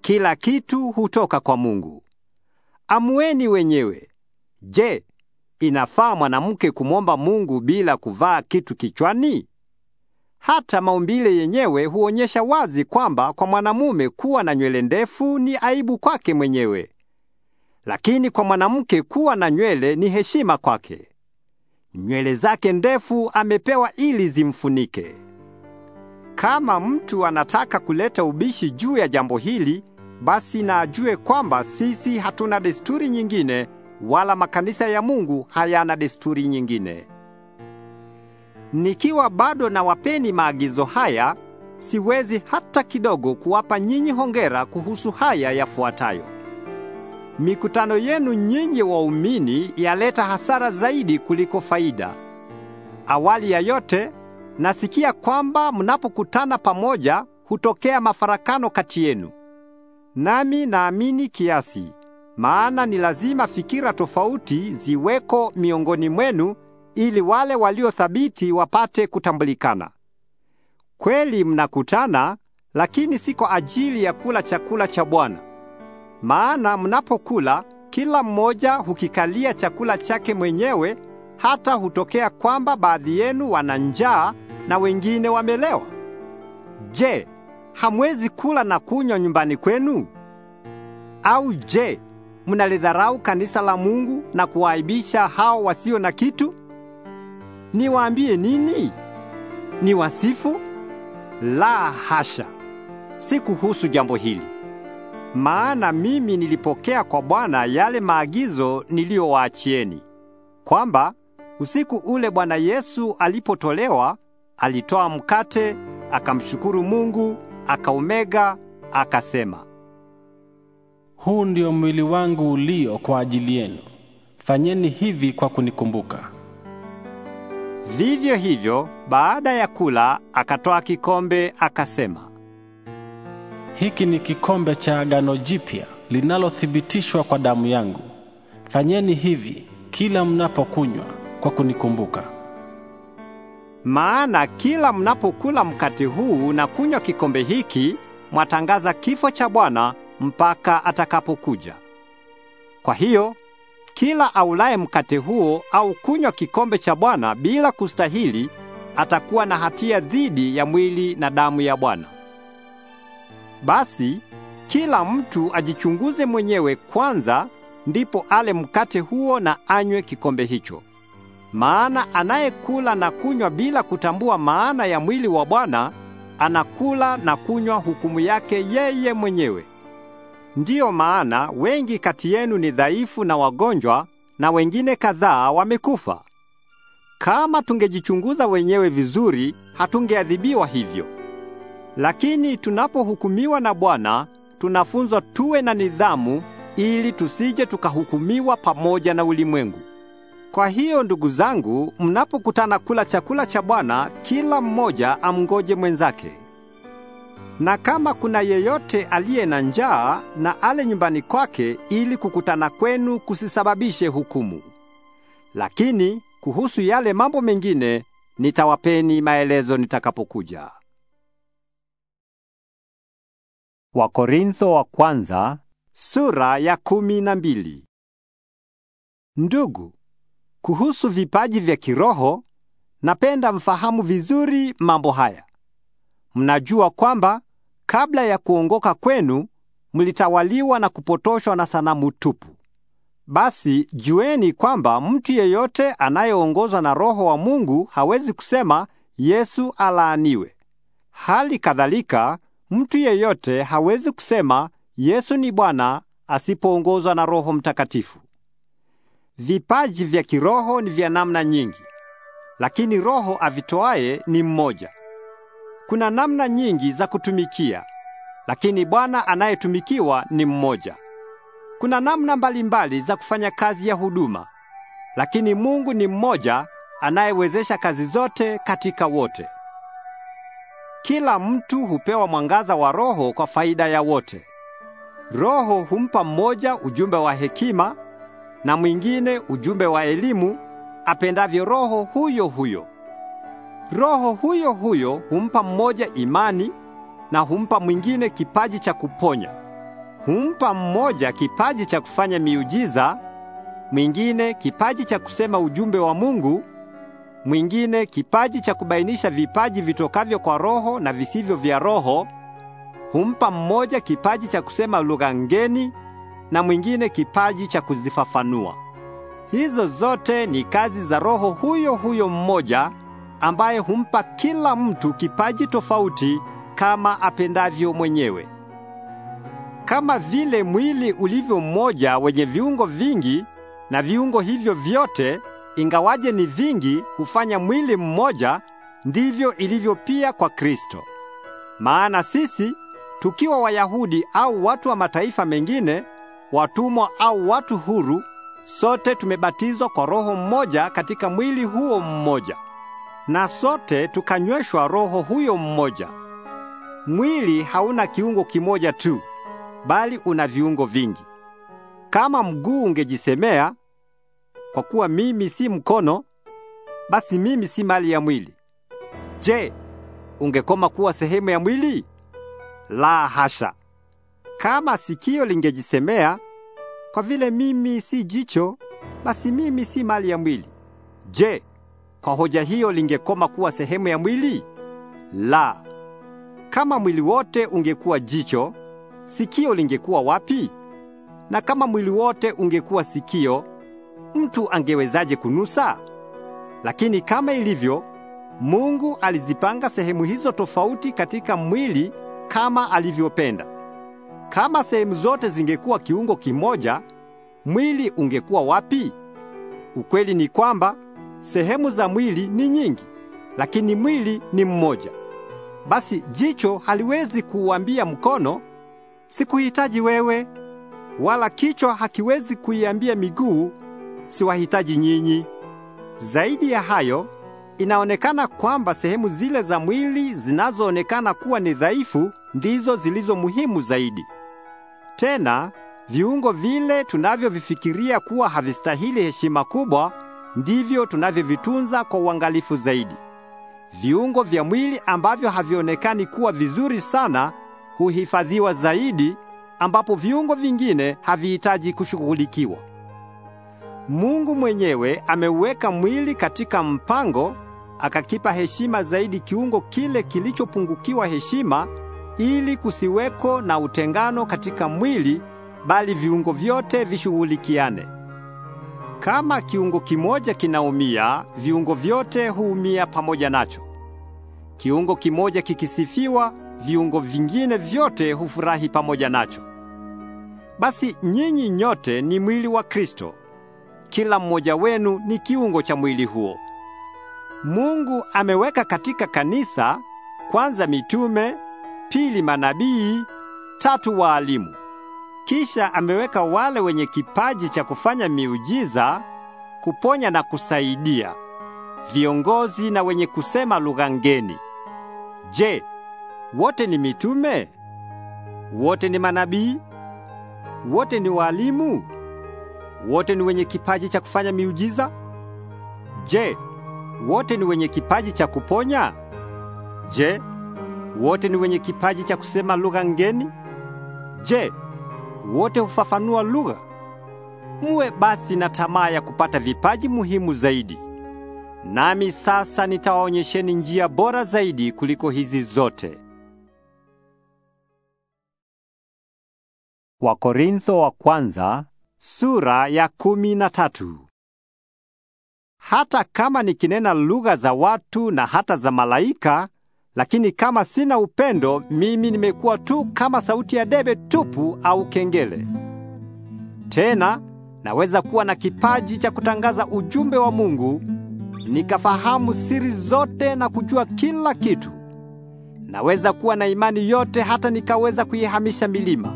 Kila kitu hutoka kwa Mungu. Amueni wenyewe Je, inafaa mwanamke kumwomba Mungu bila kuvaa kitu kichwani? Hata maumbile yenyewe huonyesha wazi kwamba kwa mwanamume kuwa na nywele ndefu ni aibu kwake mwenyewe, lakini kwa mwanamke kuwa na nywele ni heshima kwake. Nywele zake ndefu amepewa ili zimfunike. Kama mtu anataka kuleta ubishi juu ya jambo hili, basi na ajue kwamba sisi hatuna desturi nyingine wala makanisa ya Mungu hayana desturi nyingine. Nikiwa bado nawapeni maagizo haya, siwezi hata kidogo kuwapa nyinyi hongera kuhusu haya yafuatayo. Mikutano yenu nyinyi waumini yaleta hasara zaidi kuliko faida. Awali ya yote, nasikia kwamba mnapokutana pamoja hutokea mafarakano kati yenu. Nami naamini kiasi maana ni lazima fikira tofauti ziweko miongoni mwenu ili wale walio thabiti wapate kutambulikana. Kweli mnakutana, lakini si kwa ajili ya kula chakula cha Bwana. Maana mnapokula kila mmoja hukikalia chakula chake mwenyewe, hata hutokea kwamba baadhi yenu wana njaa na wengine wamelewa. Je, hamwezi kula na kunywa nyumbani kwenu? Au je, mnalidharau kanisa la Mungu na kuwaibisha hao wasio na kitu? Niwaambie nini? Ni wasifu? La hasha. Si kuhusu jambo hili. Maana mimi nilipokea kwa Bwana yale maagizo niliyowaachieni, kwamba usiku ule Bwana Yesu alipotolewa, alitoa mkate, akamshukuru Mungu, akaumega, akasema, huu ndio mwili wangu ulio kwa ajili yenu, fanyeni hivi kwa kunikumbuka. Vivyo hivyo, baada ya kula, akatoa kikombe akasema, hiki ni kikombe cha agano jipya linalothibitishwa kwa damu yangu. Fanyeni hivi kila mnapokunywa kwa kunikumbuka. Maana kila mnapokula mkate huu na kunywa kikombe hiki, mwatangaza kifo cha Bwana mpaka atakapokuja. Kwa hiyo kila aulaye mkate huo au kunywa kikombe cha Bwana bila kustahili atakuwa na hatia dhidi ya mwili na damu ya Bwana. Basi kila mtu ajichunguze mwenyewe kwanza, ndipo ale mkate huo na anywe kikombe hicho. Maana anayekula na kunywa bila kutambua maana ya mwili wa Bwana anakula na kunywa hukumu yake yeye mwenyewe. Ndiyo maana wengi kati yenu ni dhaifu na wagonjwa na wengine kadhaa wamekufa. Kama tungejichunguza wenyewe vizuri, hatungeadhibiwa hivyo. Lakini tunapohukumiwa na Bwana, tunafunzwa tuwe na nidhamu ili tusije tukahukumiwa pamoja na ulimwengu. Kwa hiyo ndugu zangu, mnapokutana kula chakula cha Bwana, kila mmoja amngoje mwenzake. Na kama kuna yeyote aliye na njaa na ale nyumbani kwake, ili kukutana kwenu kusisababishe hukumu. Lakini kuhusu yale mambo mengine nitawapeni maelezo nitakapokuja. Wakorintho wa kwanza sura ya kumi na mbili. Ndugu, kuhusu vipaji vya kiroho napenda mfahamu vizuri mambo haya. Mnajua kwamba Kabla ya kuongoka kwenu mlitawaliwa na kupotoshwa na sanamu tupu. Basi jueni kwamba mtu yeyote anayeongozwa na Roho wa Mungu hawezi kusema Yesu alaaniwe. Hali kadhalika mtu yeyote hawezi kusema Yesu ni Bwana asipoongozwa na Roho Mtakatifu. Vipaji vya kiroho ni vya namna nyingi, lakini Roho avitoaye ni mmoja. Kuna namna nyingi za kutumikia, lakini Bwana anayetumikiwa ni mmoja. Kuna namna mbalimbali za kufanya kazi ya huduma, lakini Mungu ni mmoja anayewezesha kazi zote katika wote. Kila mtu hupewa mwangaza wa Roho kwa faida ya wote. Roho humpa mmoja ujumbe wa hekima na mwingine ujumbe wa elimu, apendavyo Roho huyo huyo. Roho huyo huyo humpa mmoja imani na humpa mwingine kipaji cha kuponya. Humpa mmoja kipaji cha kufanya miujiza, mwingine kipaji cha kusema ujumbe wa Mungu, mwingine kipaji cha kubainisha vipaji vitokavyo kwa Roho na visivyo vya Roho. Humpa mmoja kipaji cha kusema lugha ngeni na mwingine kipaji cha kuzifafanua. Hizo zote ni kazi za Roho huyo huyo mmoja ambaye humpa kila mtu kipaji tofauti kama apendavyo mwenyewe. Kama vile mwili ulivyo mmoja wenye viungo vingi, na viungo hivyo vyote ingawaje ni vingi hufanya mwili mmoja, ndivyo ilivyo pia kwa Kristo. Maana sisi tukiwa Wayahudi au watu wa mataifa mengine, watumwa au watu huru, sote tumebatizwa kwa roho mmoja katika mwili huo mmoja na sote tukanyweshwa roho huyo mmoja. Mwili hauna kiungo kimoja tu, bali una viungo vingi. Kama mguu ungejisemea, kwa kuwa mimi si mkono, basi mimi si mali ya mwili, je, ungekoma kuwa sehemu ya mwili? La hasha! Kama sikio lingejisemea, kwa vile mimi si jicho, basi mimi si mali ya mwili, je, kwa hoja hiyo lingekoma kuwa sehemu ya mwili? La. Kama mwili wote ungekuwa jicho, sikio lingekuwa wapi? Na kama mwili wote ungekuwa sikio, mtu angewezaje kunusa? Lakini kama ilivyo, Mungu alizipanga sehemu hizo tofauti katika mwili kama alivyopenda. Kama sehemu zote zingekuwa kiungo kimoja, mwili ungekuwa wapi? Ukweli ni kwamba sehemu za mwili ni nyingi, lakini mwili ni mmoja. Basi jicho haliwezi kuuambia mkono, sikuhitaji wewe, wala kichwa hakiwezi kuiambia miguu, siwahitaji nyinyi. Zaidi ya hayo, inaonekana kwamba sehemu zile za mwili zinazoonekana kuwa ni dhaifu ndizo zilizo muhimu zaidi. Tena viungo vile tunavyovifikiria kuwa havistahili heshima kubwa ndivyo tunavyovitunza kwa uangalifu zaidi. Viungo vya mwili ambavyo havionekani kuwa vizuri sana huhifadhiwa zaidi, ambapo viungo vingine havihitaji kushughulikiwa. Mungu mwenyewe ameuweka mwili katika mpango, akakipa heshima zaidi kiungo kile kilichopungukiwa heshima, ili kusiweko na utengano katika mwili, bali viungo vyote vishughulikiane. Kama kiungo kimoja kinaumia, viungo vyote huumia pamoja nacho. Kiungo kimoja kikisifiwa, viungo vingine vyote hufurahi pamoja nacho. Basi nyinyi nyote ni mwili wa Kristo. Kila mmoja wenu ni kiungo cha mwili huo. Mungu ameweka katika kanisa kwanza mitume, pili manabii, tatu waalimu. Kisha ameweka wale wenye kipaji cha kufanya miujiza, kuponya na kusaidia, viongozi na wenye kusema lugha ngeni. Je, wote ni mitume? Wote ni manabii? Wote ni walimu? Wote ni wenye kipaji cha kufanya miujiza? Je, wote ni wenye kipaji cha kuponya? Je, wote ni wenye kipaji cha kusema lugha ngeni? Je, wote hufafanua lugha. Muwe basi na tamaa ya kupata vipaji muhimu zaidi. Nami sasa nitawaonyesheni njia bora zaidi kuliko hizi zote. Wakorintho wa kwanza, sura ya kumi na tatu. Hata kama nikinena lugha za watu na hata za malaika, lakini kama sina upendo, mimi nimekuwa tu kama sauti ya debe tupu au kengele. Tena naweza kuwa na kipaji cha kutangaza ujumbe wa Mungu, nikafahamu siri zote na kujua kila kitu. Naweza kuwa na imani yote hata nikaweza kuihamisha milima.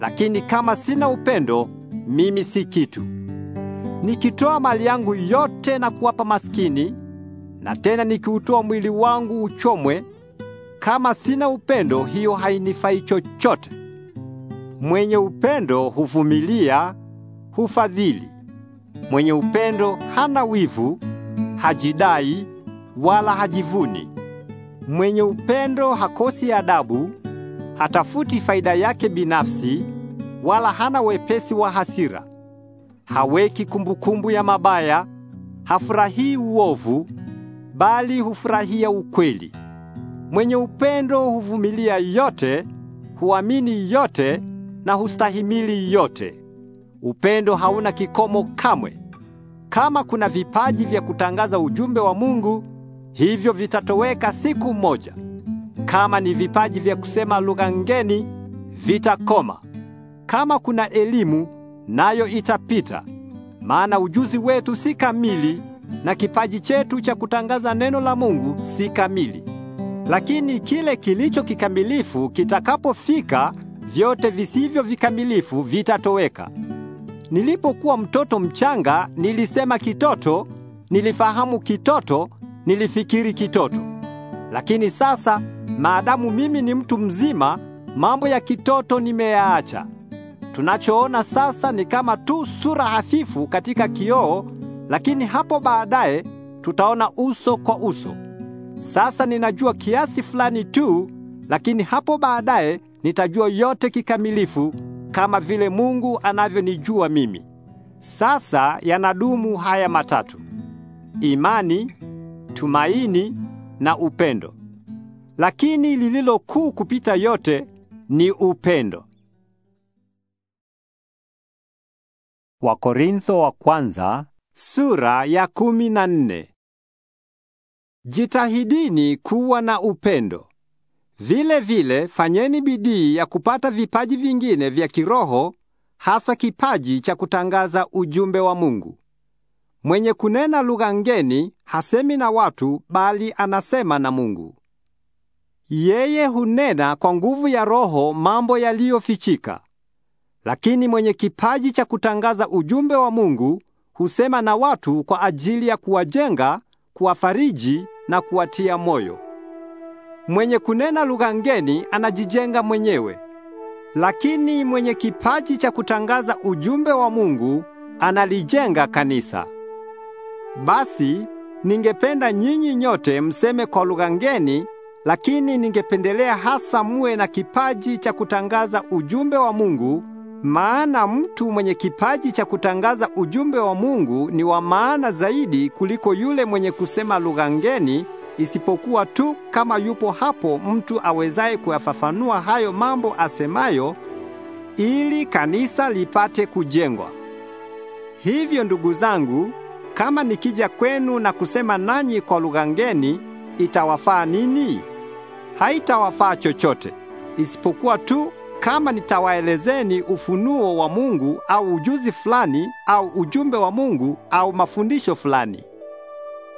Lakini kama sina upendo, mimi si kitu. Nikitoa mali yangu yote na kuwapa maskini, na tena nikiutoa mwili wangu uchomwe, kama sina upendo, hiyo hainifai chochote. Mwenye upendo huvumilia, hufadhili. Mwenye upendo hana wivu, hajidai wala hajivuni. Mwenye upendo hakosi adabu, hatafuti faida yake binafsi, wala hana wepesi wa hasira. Haweki kumbukumbu ya mabaya, hafurahii uovu bali hufurahia ukweli. Mwenye upendo huvumilia yote, huamini yote na hustahimili yote. Upendo hauna kikomo kamwe. Kama kuna vipaji vya kutangaza ujumbe wa Mungu, hivyo vitatoweka siku moja. Kama ni vipaji vya kusema lugha ngeni, vitakoma. Kama kuna elimu, nayo itapita. Maana ujuzi wetu si kamili na kipaji chetu cha kutangaza neno la Mungu si kamili, lakini kile kilicho kikamilifu kitakapofika, vyote visivyo vikamilifu vitatoweka. Nilipokuwa mtoto mchanga, nilisema kitoto, nilifahamu kitoto, nilifikiri kitoto. Lakini sasa, maadamu mimi ni mtu mzima, mambo ya kitoto nimeyaacha. Tunachoona sasa ni kama tu sura hafifu katika kioo lakini hapo baadaye tutaona uso kwa uso. Sasa ninajua kiasi fulani tu, lakini hapo baadaye nitajua yote kikamilifu, kama vile Mungu anavyonijua mimi. Sasa yanadumu haya matatu: imani, tumaini na upendo. Lakini lililo kuu kupita yote ni upendo. Wakorintho wa kwanza Sura ya kumi na nne. Jitahidini kuwa na upendo. Vile vile fanyeni bidii ya kupata vipaji vingine vya kiroho, hasa kipaji cha kutangaza ujumbe wa Mungu. Mwenye kunena lugha ngeni hasemi na watu bali anasema na Mungu. Yeye hunena kwa nguvu ya Roho mambo yaliyofichika. Lakini mwenye kipaji cha kutangaza ujumbe wa Mungu husema na watu kwa ajili ya kuwajenga, kuwafariji na kuwatia moyo. Mwenye kunena lugha ngeni anajijenga mwenyewe, lakini mwenye kipaji cha kutangaza ujumbe wa Mungu analijenga kanisa. Basi ningependa nyinyi nyote mseme kwa lugha ngeni, lakini ningependelea hasa muwe na kipaji cha kutangaza ujumbe wa Mungu maana mtu mwenye kipaji cha kutangaza ujumbe wa Mungu ni wa maana zaidi kuliko yule mwenye kusema lugha ngeni, isipokuwa tu kama yupo hapo mtu awezaye kuyafafanua hayo mambo asemayo, ili kanisa lipate kujengwa. Hivyo ndugu zangu, kama nikija kwenu na kusema nanyi kwa lugha ngeni, itawafaa nini? Haitawafaa chochote isipokuwa tu kama nitawaelezeni ufunuo wa Mungu au ujuzi fulani au ujumbe wa Mungu au mafundisho fulani.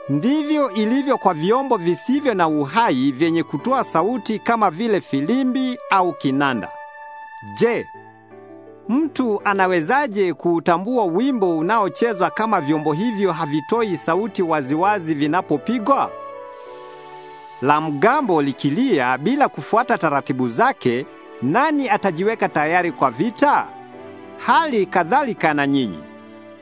Ndivyo ilivyo kwa vyombo visivyo na uhai vyenye kutoa sauti kama vile filimbi au kinanda. Je, mtu anawezaje kuutambua wimbo unaochezwa kama vyombo hivyo havitoi sauti waziwazi vinapopigwa? La mgambo likilia bila kufuata taratibu zake nani atajiweka tayari kwa vita? Hali kadhalika na nyinyi.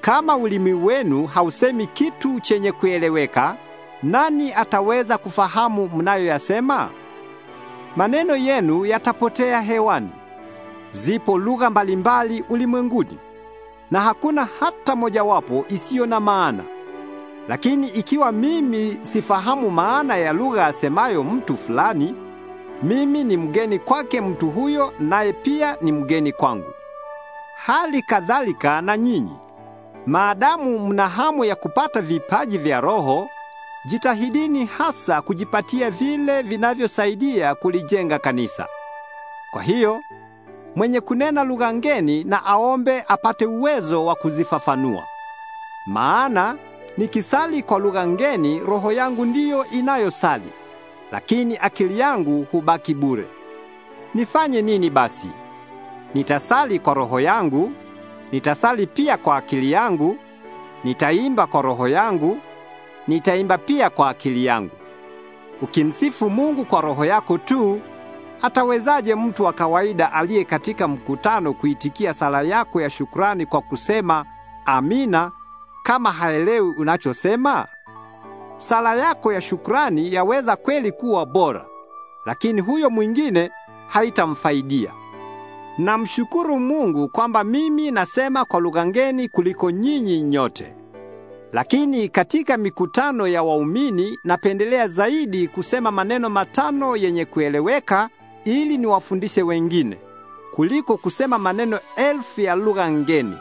Kama ulimi wenu hausemi kitu chenye kueleweka, nani ataweza kufahamu mnayoyasema? Maneno yenu yatapotea hewani. Zipo lugha mbalimbali ulimwenguni na hakuna hata mojawapo isiyo na maana. Lakini ikiwa mimi sifahamu maana ya lugha asemayo mtu fulani, mimi ni mgeni kwake mtu huyo, naye pia ni mgeni kwangu. Hali kadhalika na nyinyi, maadamu mna hamu ya kupata vipaji vya Roho, jitahidini hasa kujipatia vile vinavyosaidia kulijenga kanisa. Kwa hiyo mwenye kunena lugha ngeni na aombe apate uwezo wa kuzifafanua. Maana nikisali kwa lugha ngeni, roho yangu ndiyo inayosali lakini akili yangu hubaki bure. Nifanye nini basi? Nitasali kwa roho yangu, nitasali pia kwa akili yangu, nitaimba kwa roho yangu, nitaimba pia kwa akili yangu. Ukimsifu Mungu kwa roho yako tu, atawezaje mtu wa kawaida aliye katika mkutano kuitikia sala yako ya shukrani kwa kusema amina kama haelewi unachosema? sala yako ya shukrani yaweza kweli kuwa bora, lakini huyo mwingine haitamfaidia. Namshukuru Mungu kwamba mimi nasema kwa lugha ngeni kuliko nyinyi nyote. Lakini katika mikutano ya waumini napendelea zaidi kusema maneno matano yenye kueleweka ili niwafundishe wengine kuliko kusema maneno elfu ya lugha ngeni.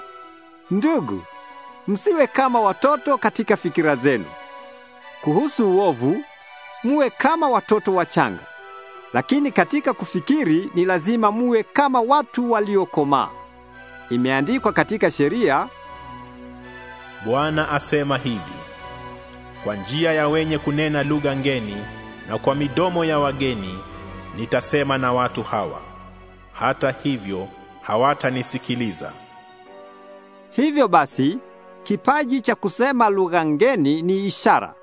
Ndugu, msiwe kama watoto katika fikira zenu. Kuhusu uovu, muwe kama watoto wachanga, lakini katika kufikiri ni lazima muwe kama watu waliokomaa. Imeandikwa katika sheria, Bwana asema hivi: kwa njia ya wenye kunena lugha ngeni na kwa midomo ya wageni nitasema na watu hawa, hata hivyo hawatanisikiliza. Hivyo basi, kipaji cha kusema lugha ngeni ni ishara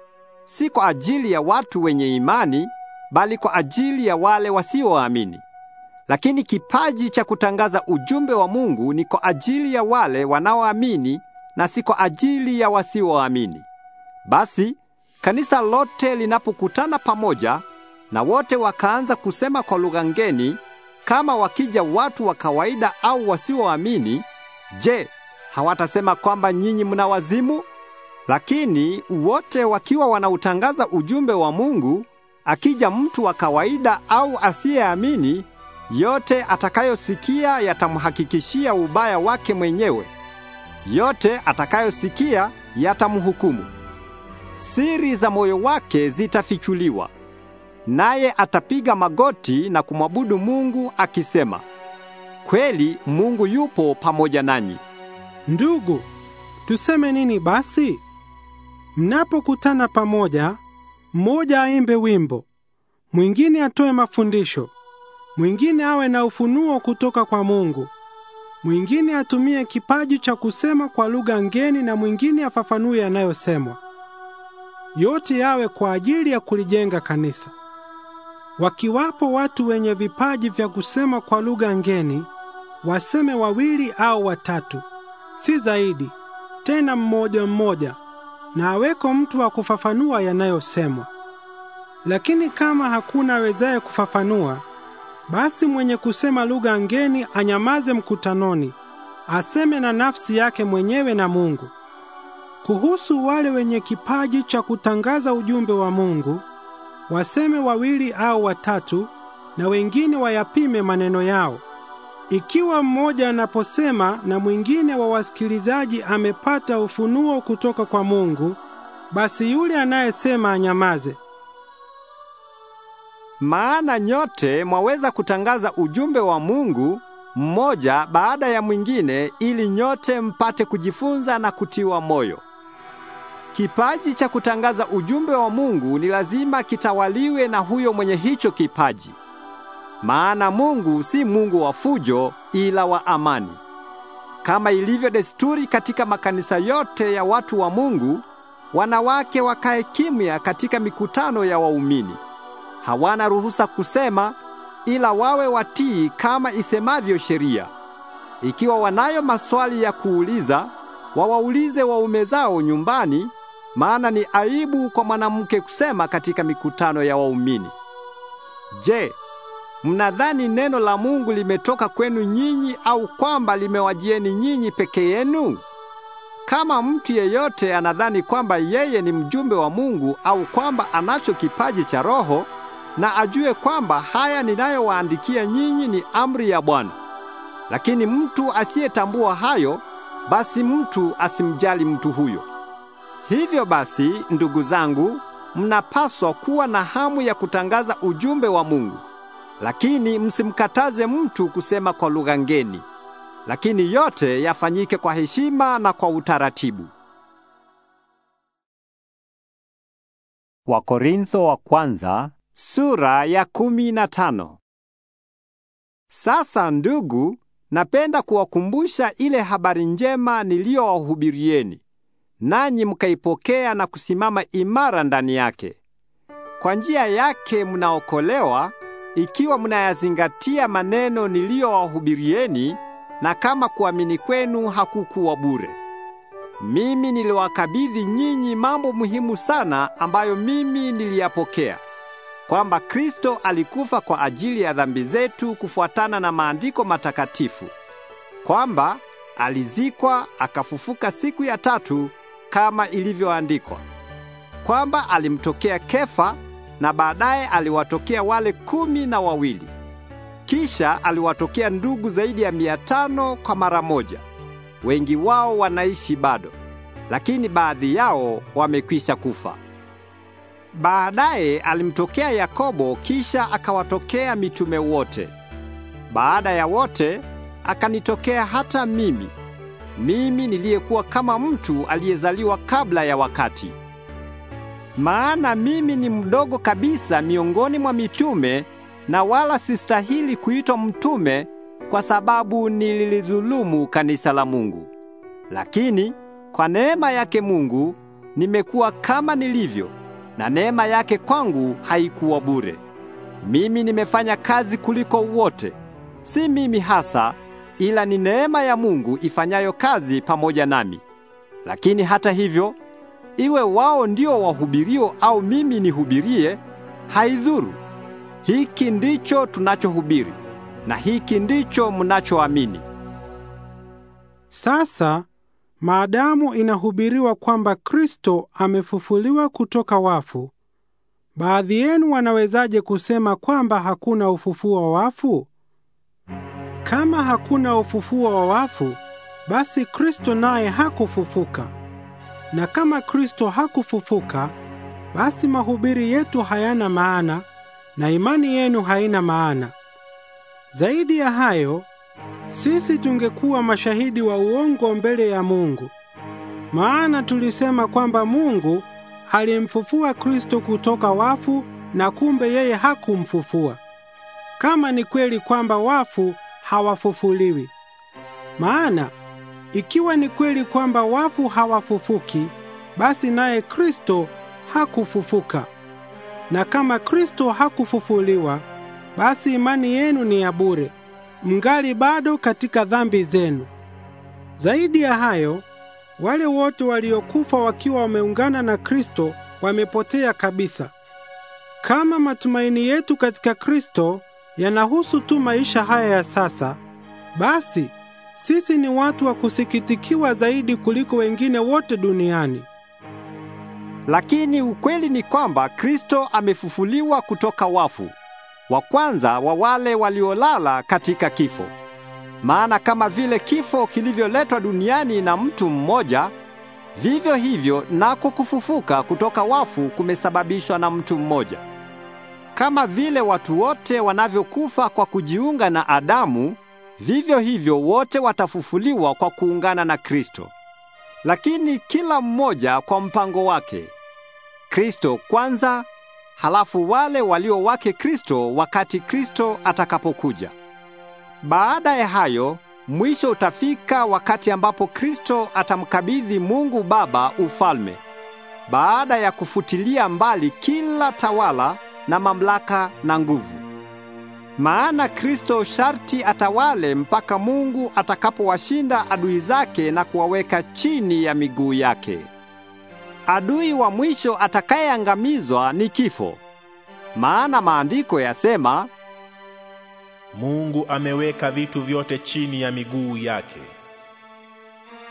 si kwa ajili ya watu wenye imani, bali kwa ajili ya wale wasioamini. Lakini kipaji cha kutangaza ujumbe wa Mungu ni kwa ajili ya wale wanaoamini na si kwa ajili ya wasioamini. Basi kanisa lote linapokutana pamoja na wote wakaanza kusema kwa lugha ngeni, kama wakija watu wa kawaida au wasioamini, je, hawatasema kwamba nyinyi mna wazimu? Lakini wote wakiwa wanautangaza ujumbe wa Mungu, akija mtu wa kawaida au asiyeamini, yote atakayosikia yatamhakikishia ubaya wake mwenyewe. Yote atakayosikia yatamhukumu. Siri za moyo wake zitafichuliwa. Naye atapiga magoti na kumwabudu Mungu akisema, Kweli Mungu yupo pamoja nanyi. Ndugu, tuseme nini basi? Mnapokutana pamoja, mmoja aimbe wimbo, mwingine atoe mafundisho, mwingine awe na ufunuo kutoka kwa Mungu, mwingine atumie kipaji cha kusema kwa lugha ngeni, na mwingine afafanue yanayosemwa. Yote yawe kwa ajili ya kulijenga kanisa. Wakiwapo watu wenye vipaji vya kusema kwa lugha ngeni, waseme wawili au watatu, si zaidi, tena mmoja mmoja, na aweko mtu wa kufafanua yanayosemwa. Lakini kama hakuna awezaye kufafanua, basi mwenye kusema lugha ngeni anyamaze mkutanoni, aseme na nafsi yake mwenyewe na Mungu. Kuhusu wale wenye kipaji cha kutangaza ujumbe wa Mungu, waseme wawili au watatu, na wengine wayapime maneno yao. Ikiwa mmoja anaposema na mwingine wa wasikilizaji amepata ufunuo kutoka kwa Mungu, basi yule anayesema anyamaze. Maana nyote mwaweza kutangaza ujumbe wa Mungu mmoja baada ya mwingine ili nyote mpate kujifunza na kutiwa moyo. Kipaji cha kutangaza ujumbe wa Mungu ni lazima kitawaliwe na huyo mwenye hicho kipaji maana Mungu si Mungu wa fujo, ila wa amani. Kama ilivyo desturi katika makanisa yote ya watu wa Mungu, wanawake wakae kimya katika mikutano ya waumini. Hawana ruhusa kusema, ila wawe watii kama isemavyo sheria. Ikiwa wanayo maswali ya kuuliza, wawaulize waume zao nyumbani, maana ni aibu kwa mwanamke kusema katika mikutano ya waumini. Je, Mnadhani neno la Mungu limetoka kwenu nyinyi au kwamba limewajieni nyinyi peke yenu? Kama mtu yeyote anadhani kwamba yeye ni mjumbe wa Mungu au kwamba anacho kipaji cha Roho, na ajue kwamba haya ninayowaandikia nyinyi ni amri ya Bwana. Lakini mtu asiyetambua hayo, basi mtu asimjali mtu huyo. Hivyo basi, ndugu zangu, mnapaswa kuwa na hamu ya kutangaza ujumbe wa Mungu. Lakini msimkataze mtu kusema kwa lugha ngeni, lakini yote yafanyike kwa heshima na kwa utaratibu. Wakorintho wa kwanza, sura ya kumi na tano. Sasa ndugu, napenda kuwakumbusha ile habari njema niliyowahubirieni, nanyi mkaipokea na kusimama imara ndani yake. Kwa njia yake mnaokolewa ikiwa mnayazingatia maneno niliyowahubirieni na kama kuamini kwenu hakukuwa bure. Mimi niliwakabidhi nyinyi mambo muhimu sana ambayo mimi niliyapokea, kwamba Kristo alikufa kwa ajili ya dhambi zetu kufuatana na maandiko matakatifu, kwamba alizikwa akafufuka siku ya tatu kama ilivyoandikwa, kwamba alimtokea Kefa na baadaye aliwatokea wale kumi na wawili. Kisha aliwatokea ndugu zaidi ya mia tano kwa mara moja. Wengi wao wanaishi bado, lakini baadhi yao wamekwisha kufa. Baadaye alimtokea Yakobo, kisha akawatokea mitume wote. Baada ya wote akanitokea hata mimi, mimi niliyekuwa kama mtu aliyezaliwa kabla ya wakati maana mimi ni mdogo kabisa miongoni mwa mitume na wala sistahili kuitwa mtume kwa sababu nililidhulumu kanisa la Mungu. Lakini kwa neema yake Mungu nimekuwa kama nilivyo, na neema yake kwangu haikuwa bure. Mimi nimefanya kazi kuliko wote, si mimi hasa, ila ni neema ya Mungu ifanyayo kazi pamoja nami. Lakini hata hivyo iwe wao ndio wahubirio au mimi nihubirie, haidhuru. Hiki ndicho tunachohubiri na hiki ndicho mnachoamini. Sasa maadamu inahubiriwa kwamba Kristo amefufuliwa kutoka wafu, baadhi yenu wanawezaje kusema kwamba hakuna ufufuo wa wafu? Kama hakuna ufufuo wa wafu, basi Kristo naye hakufufuka. Na kama Kristo hakufufuka, basi mahubiri yetu hayana maana na imani yenu haina maana. Zaidi ya hayo, sisi tungekuwa mashahidi wa uongo mbele ya Mungu. Maana tulisema kwamba Mungu alimfufua Kristo kutoka wafu na kumbe yeye hakumfufua. Kama ni kweli kwamba wafu hawafufuliwi. Maana ikiwa ni kweli kwamba wafu hawafufuki, basi naye Kristo hakufufuka. Na kama Kristo hakufufuliwa, basi imani yenu ni ya bure, mngali bado katika dhambi zenu. Zaidi ya hayo, wale wote waliokufa wakiwa wameungana na Kristo wamepotea kabisa. Kama matumaini yetu katika Kristo yanahusu tu maisha haya ya sasa, basi sisi ni watu wa kusikitikiwa zaidi kuliko wengine wote duniani. Lakini ukweli ni kwamba Kristo amefufuliwa kutoka wafu, wa kwanza wa wale waliolala katika kifo. Maana kama vile kifo kilivyoletwa duniani na mtu mmoja, vivyo hivyo nako kufufuka kutoka wafu kumesababishwa na mtu mmoja. Kama vile watu wote wanavyokufa kwa kujiunga na Adamu, Vivyo hivyo wote watafufuliwa kwa kuungana na Kristo. Lakini kila mmoja kwa mpango wake. Kristo kwanza, halafu wale walio wake Kristo wakati Kristo atakapokuja. Baada ya hayo, mwisho utafika wakati ambapo Kristo atamkabidhi Mungu Baba ufalme. Baada ya kufutilia mbali kila tawala na mamlaka na nguvu. Maana Kristo sharti atawale mpaka Mungu atakapowashinda adui zake na kuwaweka chini ya miguu yake. Adui wa mwisho atakayeangamizwa ni kifo. Maana maandiko yasema, Mungu ameweka vitu vyote chini ya miguu yake.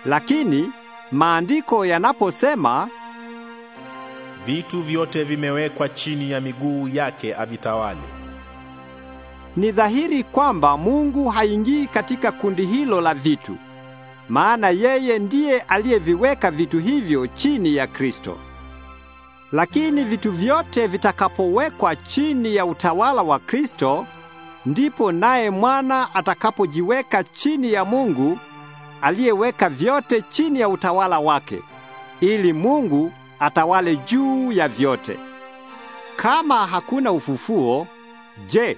Lakini maandiko yanaposema vitu vyote vimewekwa chini ya miguu yake avitawale ni dhahiri kwamba Mungu haingii katika kundi hilo la vitu, maana yeye ndiye aliyeviweka vitu hivyo chini ya Kristo. Lakini vitu vyote vitakapowekwa chini ya utawala wa Kristo, ndipo naye mwana atakapojiweka chini ya Mungu aliyeweka vyote chini ya utawala wake, ili Mungu atawale juu ya vyote. Kama hakuna ufufuo, je,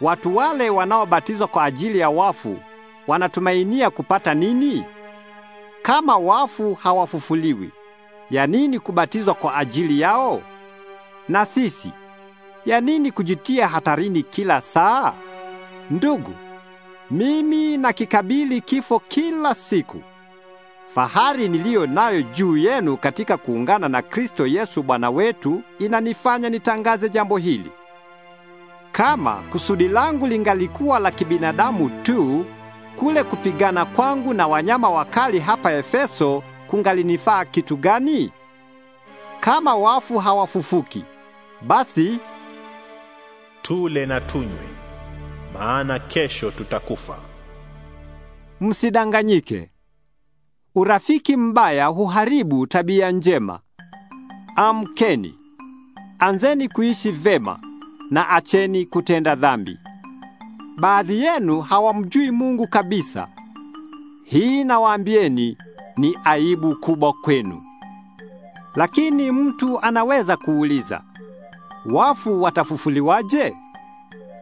Watu wale wanaobatizwa kwa ajili ya wafu wanatumainia kupata nini? Kama wafu hawafufuliwi, ya nini kubatizwa kwa ajili yao? Na sisi, ya nini kujitia hatarini kila saa? Ndugu, mimi nakikabili kifo kila siku. Fahari niliyo nayo juu yenu katika kuungana na Kristo Yesu Bwana wetu inanifanya nitangaze jambo hili. Kama kusudi langu lingalikuwa la kibinadamu tu, kule kupigana kwangu na wanyama wakali hapa Efeso kungalinifaa kitu gani? Kama wafu hawafufuki, basi tule na tunywe, maana kesho tutakufa. Msidanganyike. Urafiki mbaya huharibu tabia njema. Amkeni, anzeni kuishi vema na acheni kutenda dhambi. Baadhi yenu hawamjui Mungu kabisa. Hii nawaambieni ni aibu kubwa kwenu. Lakini mtu anaweza kuuliza, wafu watafufuliwaje?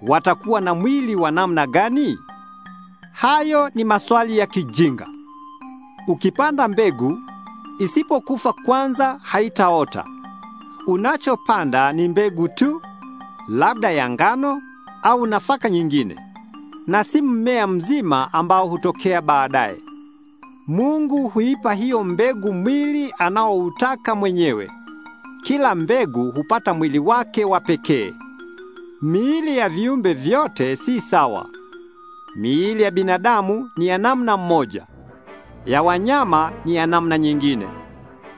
Watakuwa na mwili wa namna gani? Hayo ni maswali ya kijinga. Ukipanda mbegu isipokufa kwanza haitaota. Unachopanda ni mbegu tu labda ya ngano au nafaka nyingine, na si mmea mzima ambao hutokea baadaye. Mungu huipa hiyo mbegu mwili anaoutaka mwenyewe. Kila mbegu hupata mwili wake wa pekee. Miili ya viumbe vyote si sawa. Miili ya binadamu ni ya namna mmoja, ya wanyama ni ya namna nyingine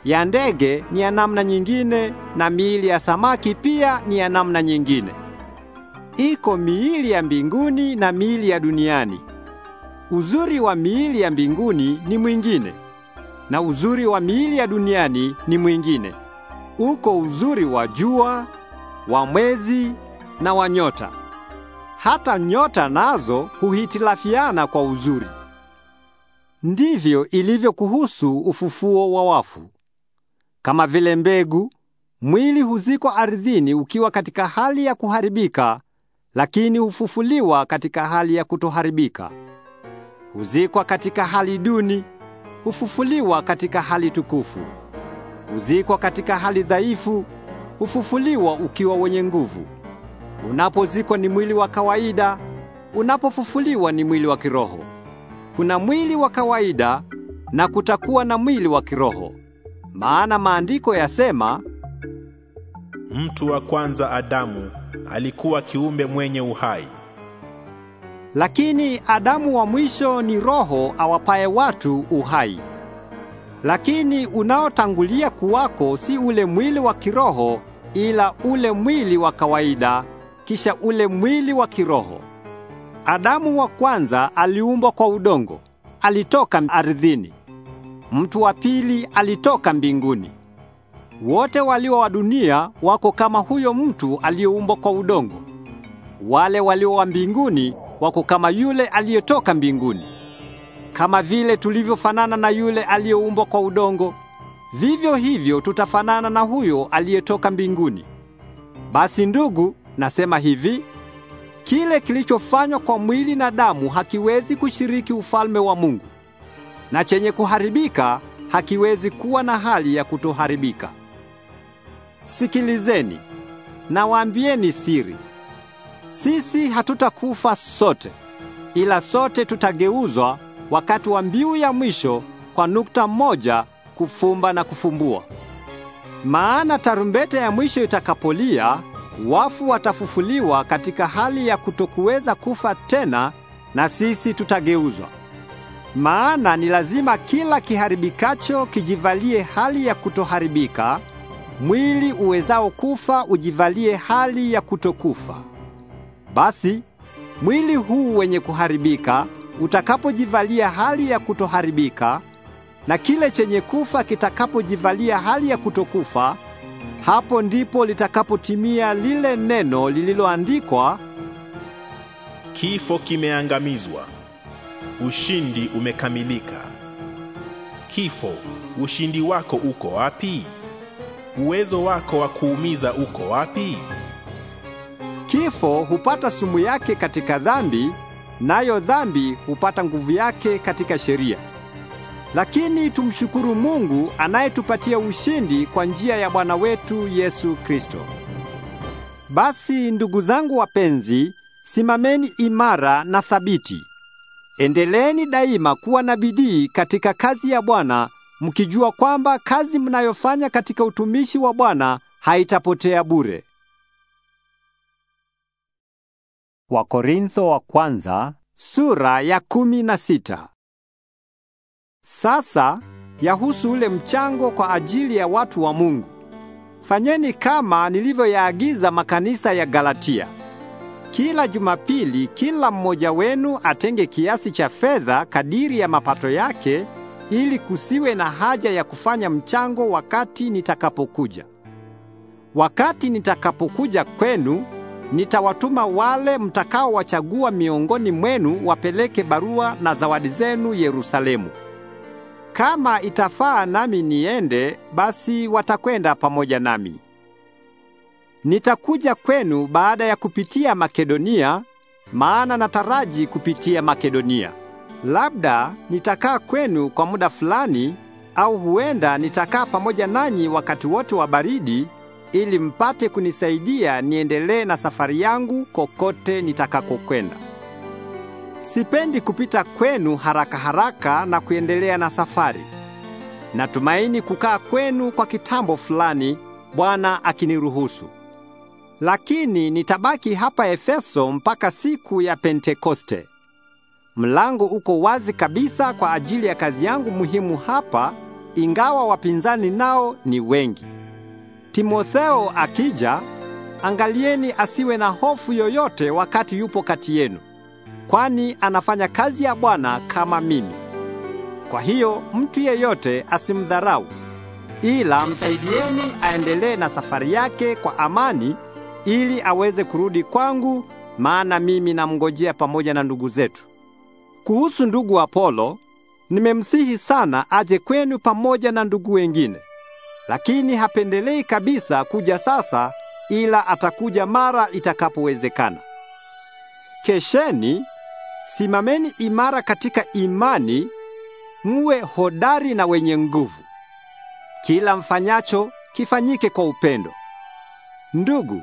ya ndege ni ya namna nyingine na miili ya samaki pia ni ya namna nyingine. Iko miili ya mbinguni na miili ya duniani. Uzuri wa miili ya mbinguni ni mwingine na uzuri wa miili ya duniani ni mwingine. Uko uzuri wa jua, wa mwezi na wa nyota. Hata nyota nazo huhitilafiana kwa uzuri. Ndivyo ilivyo kuhusu ufufuo wa wafu. Kama vile mbegu, mwili huzikwa ardhini ukiwa katika hali ya kuharibika, lakini hufufuliwa katika hali ya kutoharibika. Huzikwa katika hali duni, hufufuliwa katika hali tukufu. Huzikwa katika hali dhaifu, hufufuliwa ukiwa wenye nguvu. Unapozikwa ni mwili wa kawaida, unapofufuliwa ni mwili wa kiroho. Kuna mwili wa kawaida na kutakuwa na mwili wa kiroho maana maandiko yasema, mtu wa kwanza Adamu alikuwa kiumbe mwenye uhai, lakini Adamu wa mwisho ni roho awapaye watu uhai. Lakini unaotangulia kuwako si ule mwili wa kiroho, ila ule mwili wa kawaida, kisha ule mwili wa kiroho. Adamu wa kwanza aliumbwa kwa udongo, alitoka ardhini. Mtu wa pili alitoka mbinguni. Wote walio wa dunia wako kama huyo mtu aliyeumbwa kwa udongo. Wale walio wa mbinguni wako kama yule aliyetoka mbinguni. Kama vile tulivyofanana na yule aliyeumbwa kwa udongo, vivyo hivyo tutafanana na huyo aliyetoka mbinguni. Basi ndugu, nasema hivi, kile kilichofanywa kwa mwili na damu hakiwezi kushiriki ufalme wa Mungu na chenye kuharibika hakiwezi kuwa na hali ya kutoharibika. Sikilizeni, nawaambieni siri. Sisi hatutakufa sote, ila sote tutageuzwa wakati wa mbiu ya mwisho kwa nukta moja kufumba na kufumbua. Maana tarumbeta ya mwisho itakapolia, wafu watafufuliwa katika hali ya kutokuweza kufa tena na sisi tutageuzwa. Maana ni lazima kila kiharibikacho kijivalie hali ya kutoharibika, mwili uwezao kufa ujivalie hali ya kutokufa. Basi mwili huu wenye kuharibika utakapojivalia hali ya kutoharibika, na kile chenye kufa kitakapojivalia hali ya kutokufa, hapo ndipo litakapotimia lile neno lililoandikwa, kifo kimeangamizwa ushindi umekamilika. Kifo, ushindi wako uko wapi? Uwezo wako wa kuumiza uko wapi? Kifo hupata sumu yake katika dhambi, nayo dhambi hupata nguvu yake katika sheria. Lakini tumshukuru Mungu anayetupatia ushindi kwa njia ya Bwana wetu Yesu Kristo. Basi ndugu zangu wapenzi, simameni imara na thabiti. Endeleeni daima kuwa na bidii katika kazi ya Bwana, mkijua kwamba kazi mnayofanya katika utumishi wa Bwana haitapotea bure. Wakorintho wa kwanza, sura ya kumi na sita. Sasa yahusu ule mchango kwa ajili ya watu wa Mungu. Fanyeni kama nilivyoyaagiza makanisa ya Galatia. Kila Jumapili kila mmoja wenu atenge kiasi cha fedha kadiri ya mapato yake ili kusiwe na haja ya kufanya mchango wakati nitakapokuja. Wakati nitakapokuja kwenu, nitawatuma wale mtakaowachagua miongoni mwenu wapeleke barua na zawadi zenu Yerusalemu. Kama itafaa nami niende, basi watakwenda pamoja nami. Nitakuja kwenu baada ya kupitia Makedonia, maana nataraji kupitia Makedonia. Labda nitakaa kwenu kwa muda fulani au huenda nitakaa pamoja nanyi wakati wote wa baridi ili mpate kunisaidia niendelee na safari yangu kokote nitakakokwenda. Sipendi kupita kwenu haraka haraka na kuendelea na safari. Natumaini kukaa kwenu kwa kitambo fulani, Bwana akiniruhusu lakini nitabaki hapa Efeso mpaka siku ya Pentekoste. Mlango uko wazi kabisa kwa ajili ya kazi yangu muhimu hapa, ingawa wapinzani nao ni wengi. Timotheo akija, angalieni asiwe na hofu yoyote wakati yupo kati yenu, kwani anafanya kazi ya Bwana kama mimi. Kwa hiyo mtu yeyote asimdharau, ila msaidieni aendelee na safari yake kwa amani ili aweze kurudi kwangu, maana mimi namngojea pamoja na ndugu zetu. Kuhusu ndugu Apolo, nimemsihi sana aje kwenu pamoja na ndugu wengine, lakini hapendelei kabisa kuja sasa, ila atakuja mara itakapowezekana. Kesheni, simameni imara katika imani, muwe hodari na wenye nguvu. Kila mfanyacho kifanyike kwa upendo. Ndugu,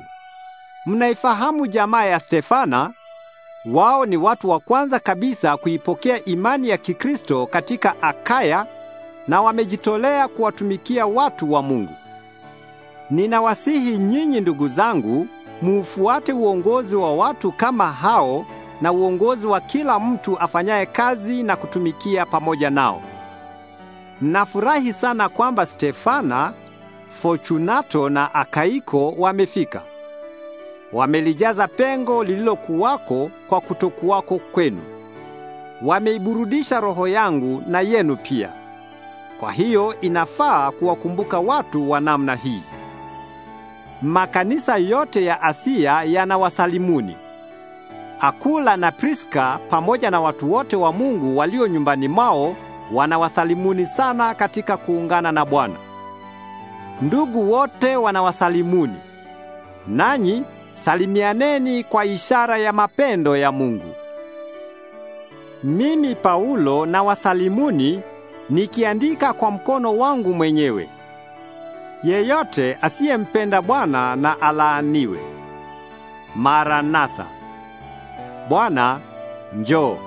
Mnaifahamu jamaa ya Stefana? Wao ni watu wa kwanza kabisa kuipokea imani ya Kikristo katika Akaya na wamejitolea kuwatumikia watu wa Mungu. Ninawasihi nyinyi ndugu zangu, muufuate uongozi wa watu kama hao na uongozi wa kila mtu afanyaye kazi na kutumikia pamoja nao. Nafurahi sana kwamba Stefana, Fortunato na Akaiko wamefika. Wamelijaza pengo lililokuwako kwa kutokuwako kwenu. Wameiburudisha roho yangu na yenu pia. Kwa hiyo inafaa kuwakumbuka watu wa namna hii. Makanisa yote ya Asia yanawasalimuni. Akula na Priska pamoja na watu wote wa Mungu walio nyumbani mwao wanawasalimuni sana katika kuungana na Bwana. Ndugu wote wanawasalimuni. Nanyi salimianeni kwa ishara ya mapendo ya Mungu. Mimi Paulo na wasalimuni nikiandika kwa mkono wangu mwenyewe. Yeyote asiyempenda Bwana na alaaniwe. Maranatha. Bwana njoo.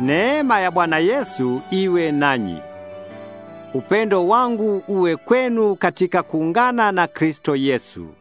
Neema ya Bwana Yesu iwe nanyi. Upendo wangu uwe kwenu katika kuungana na Kristo Yesu.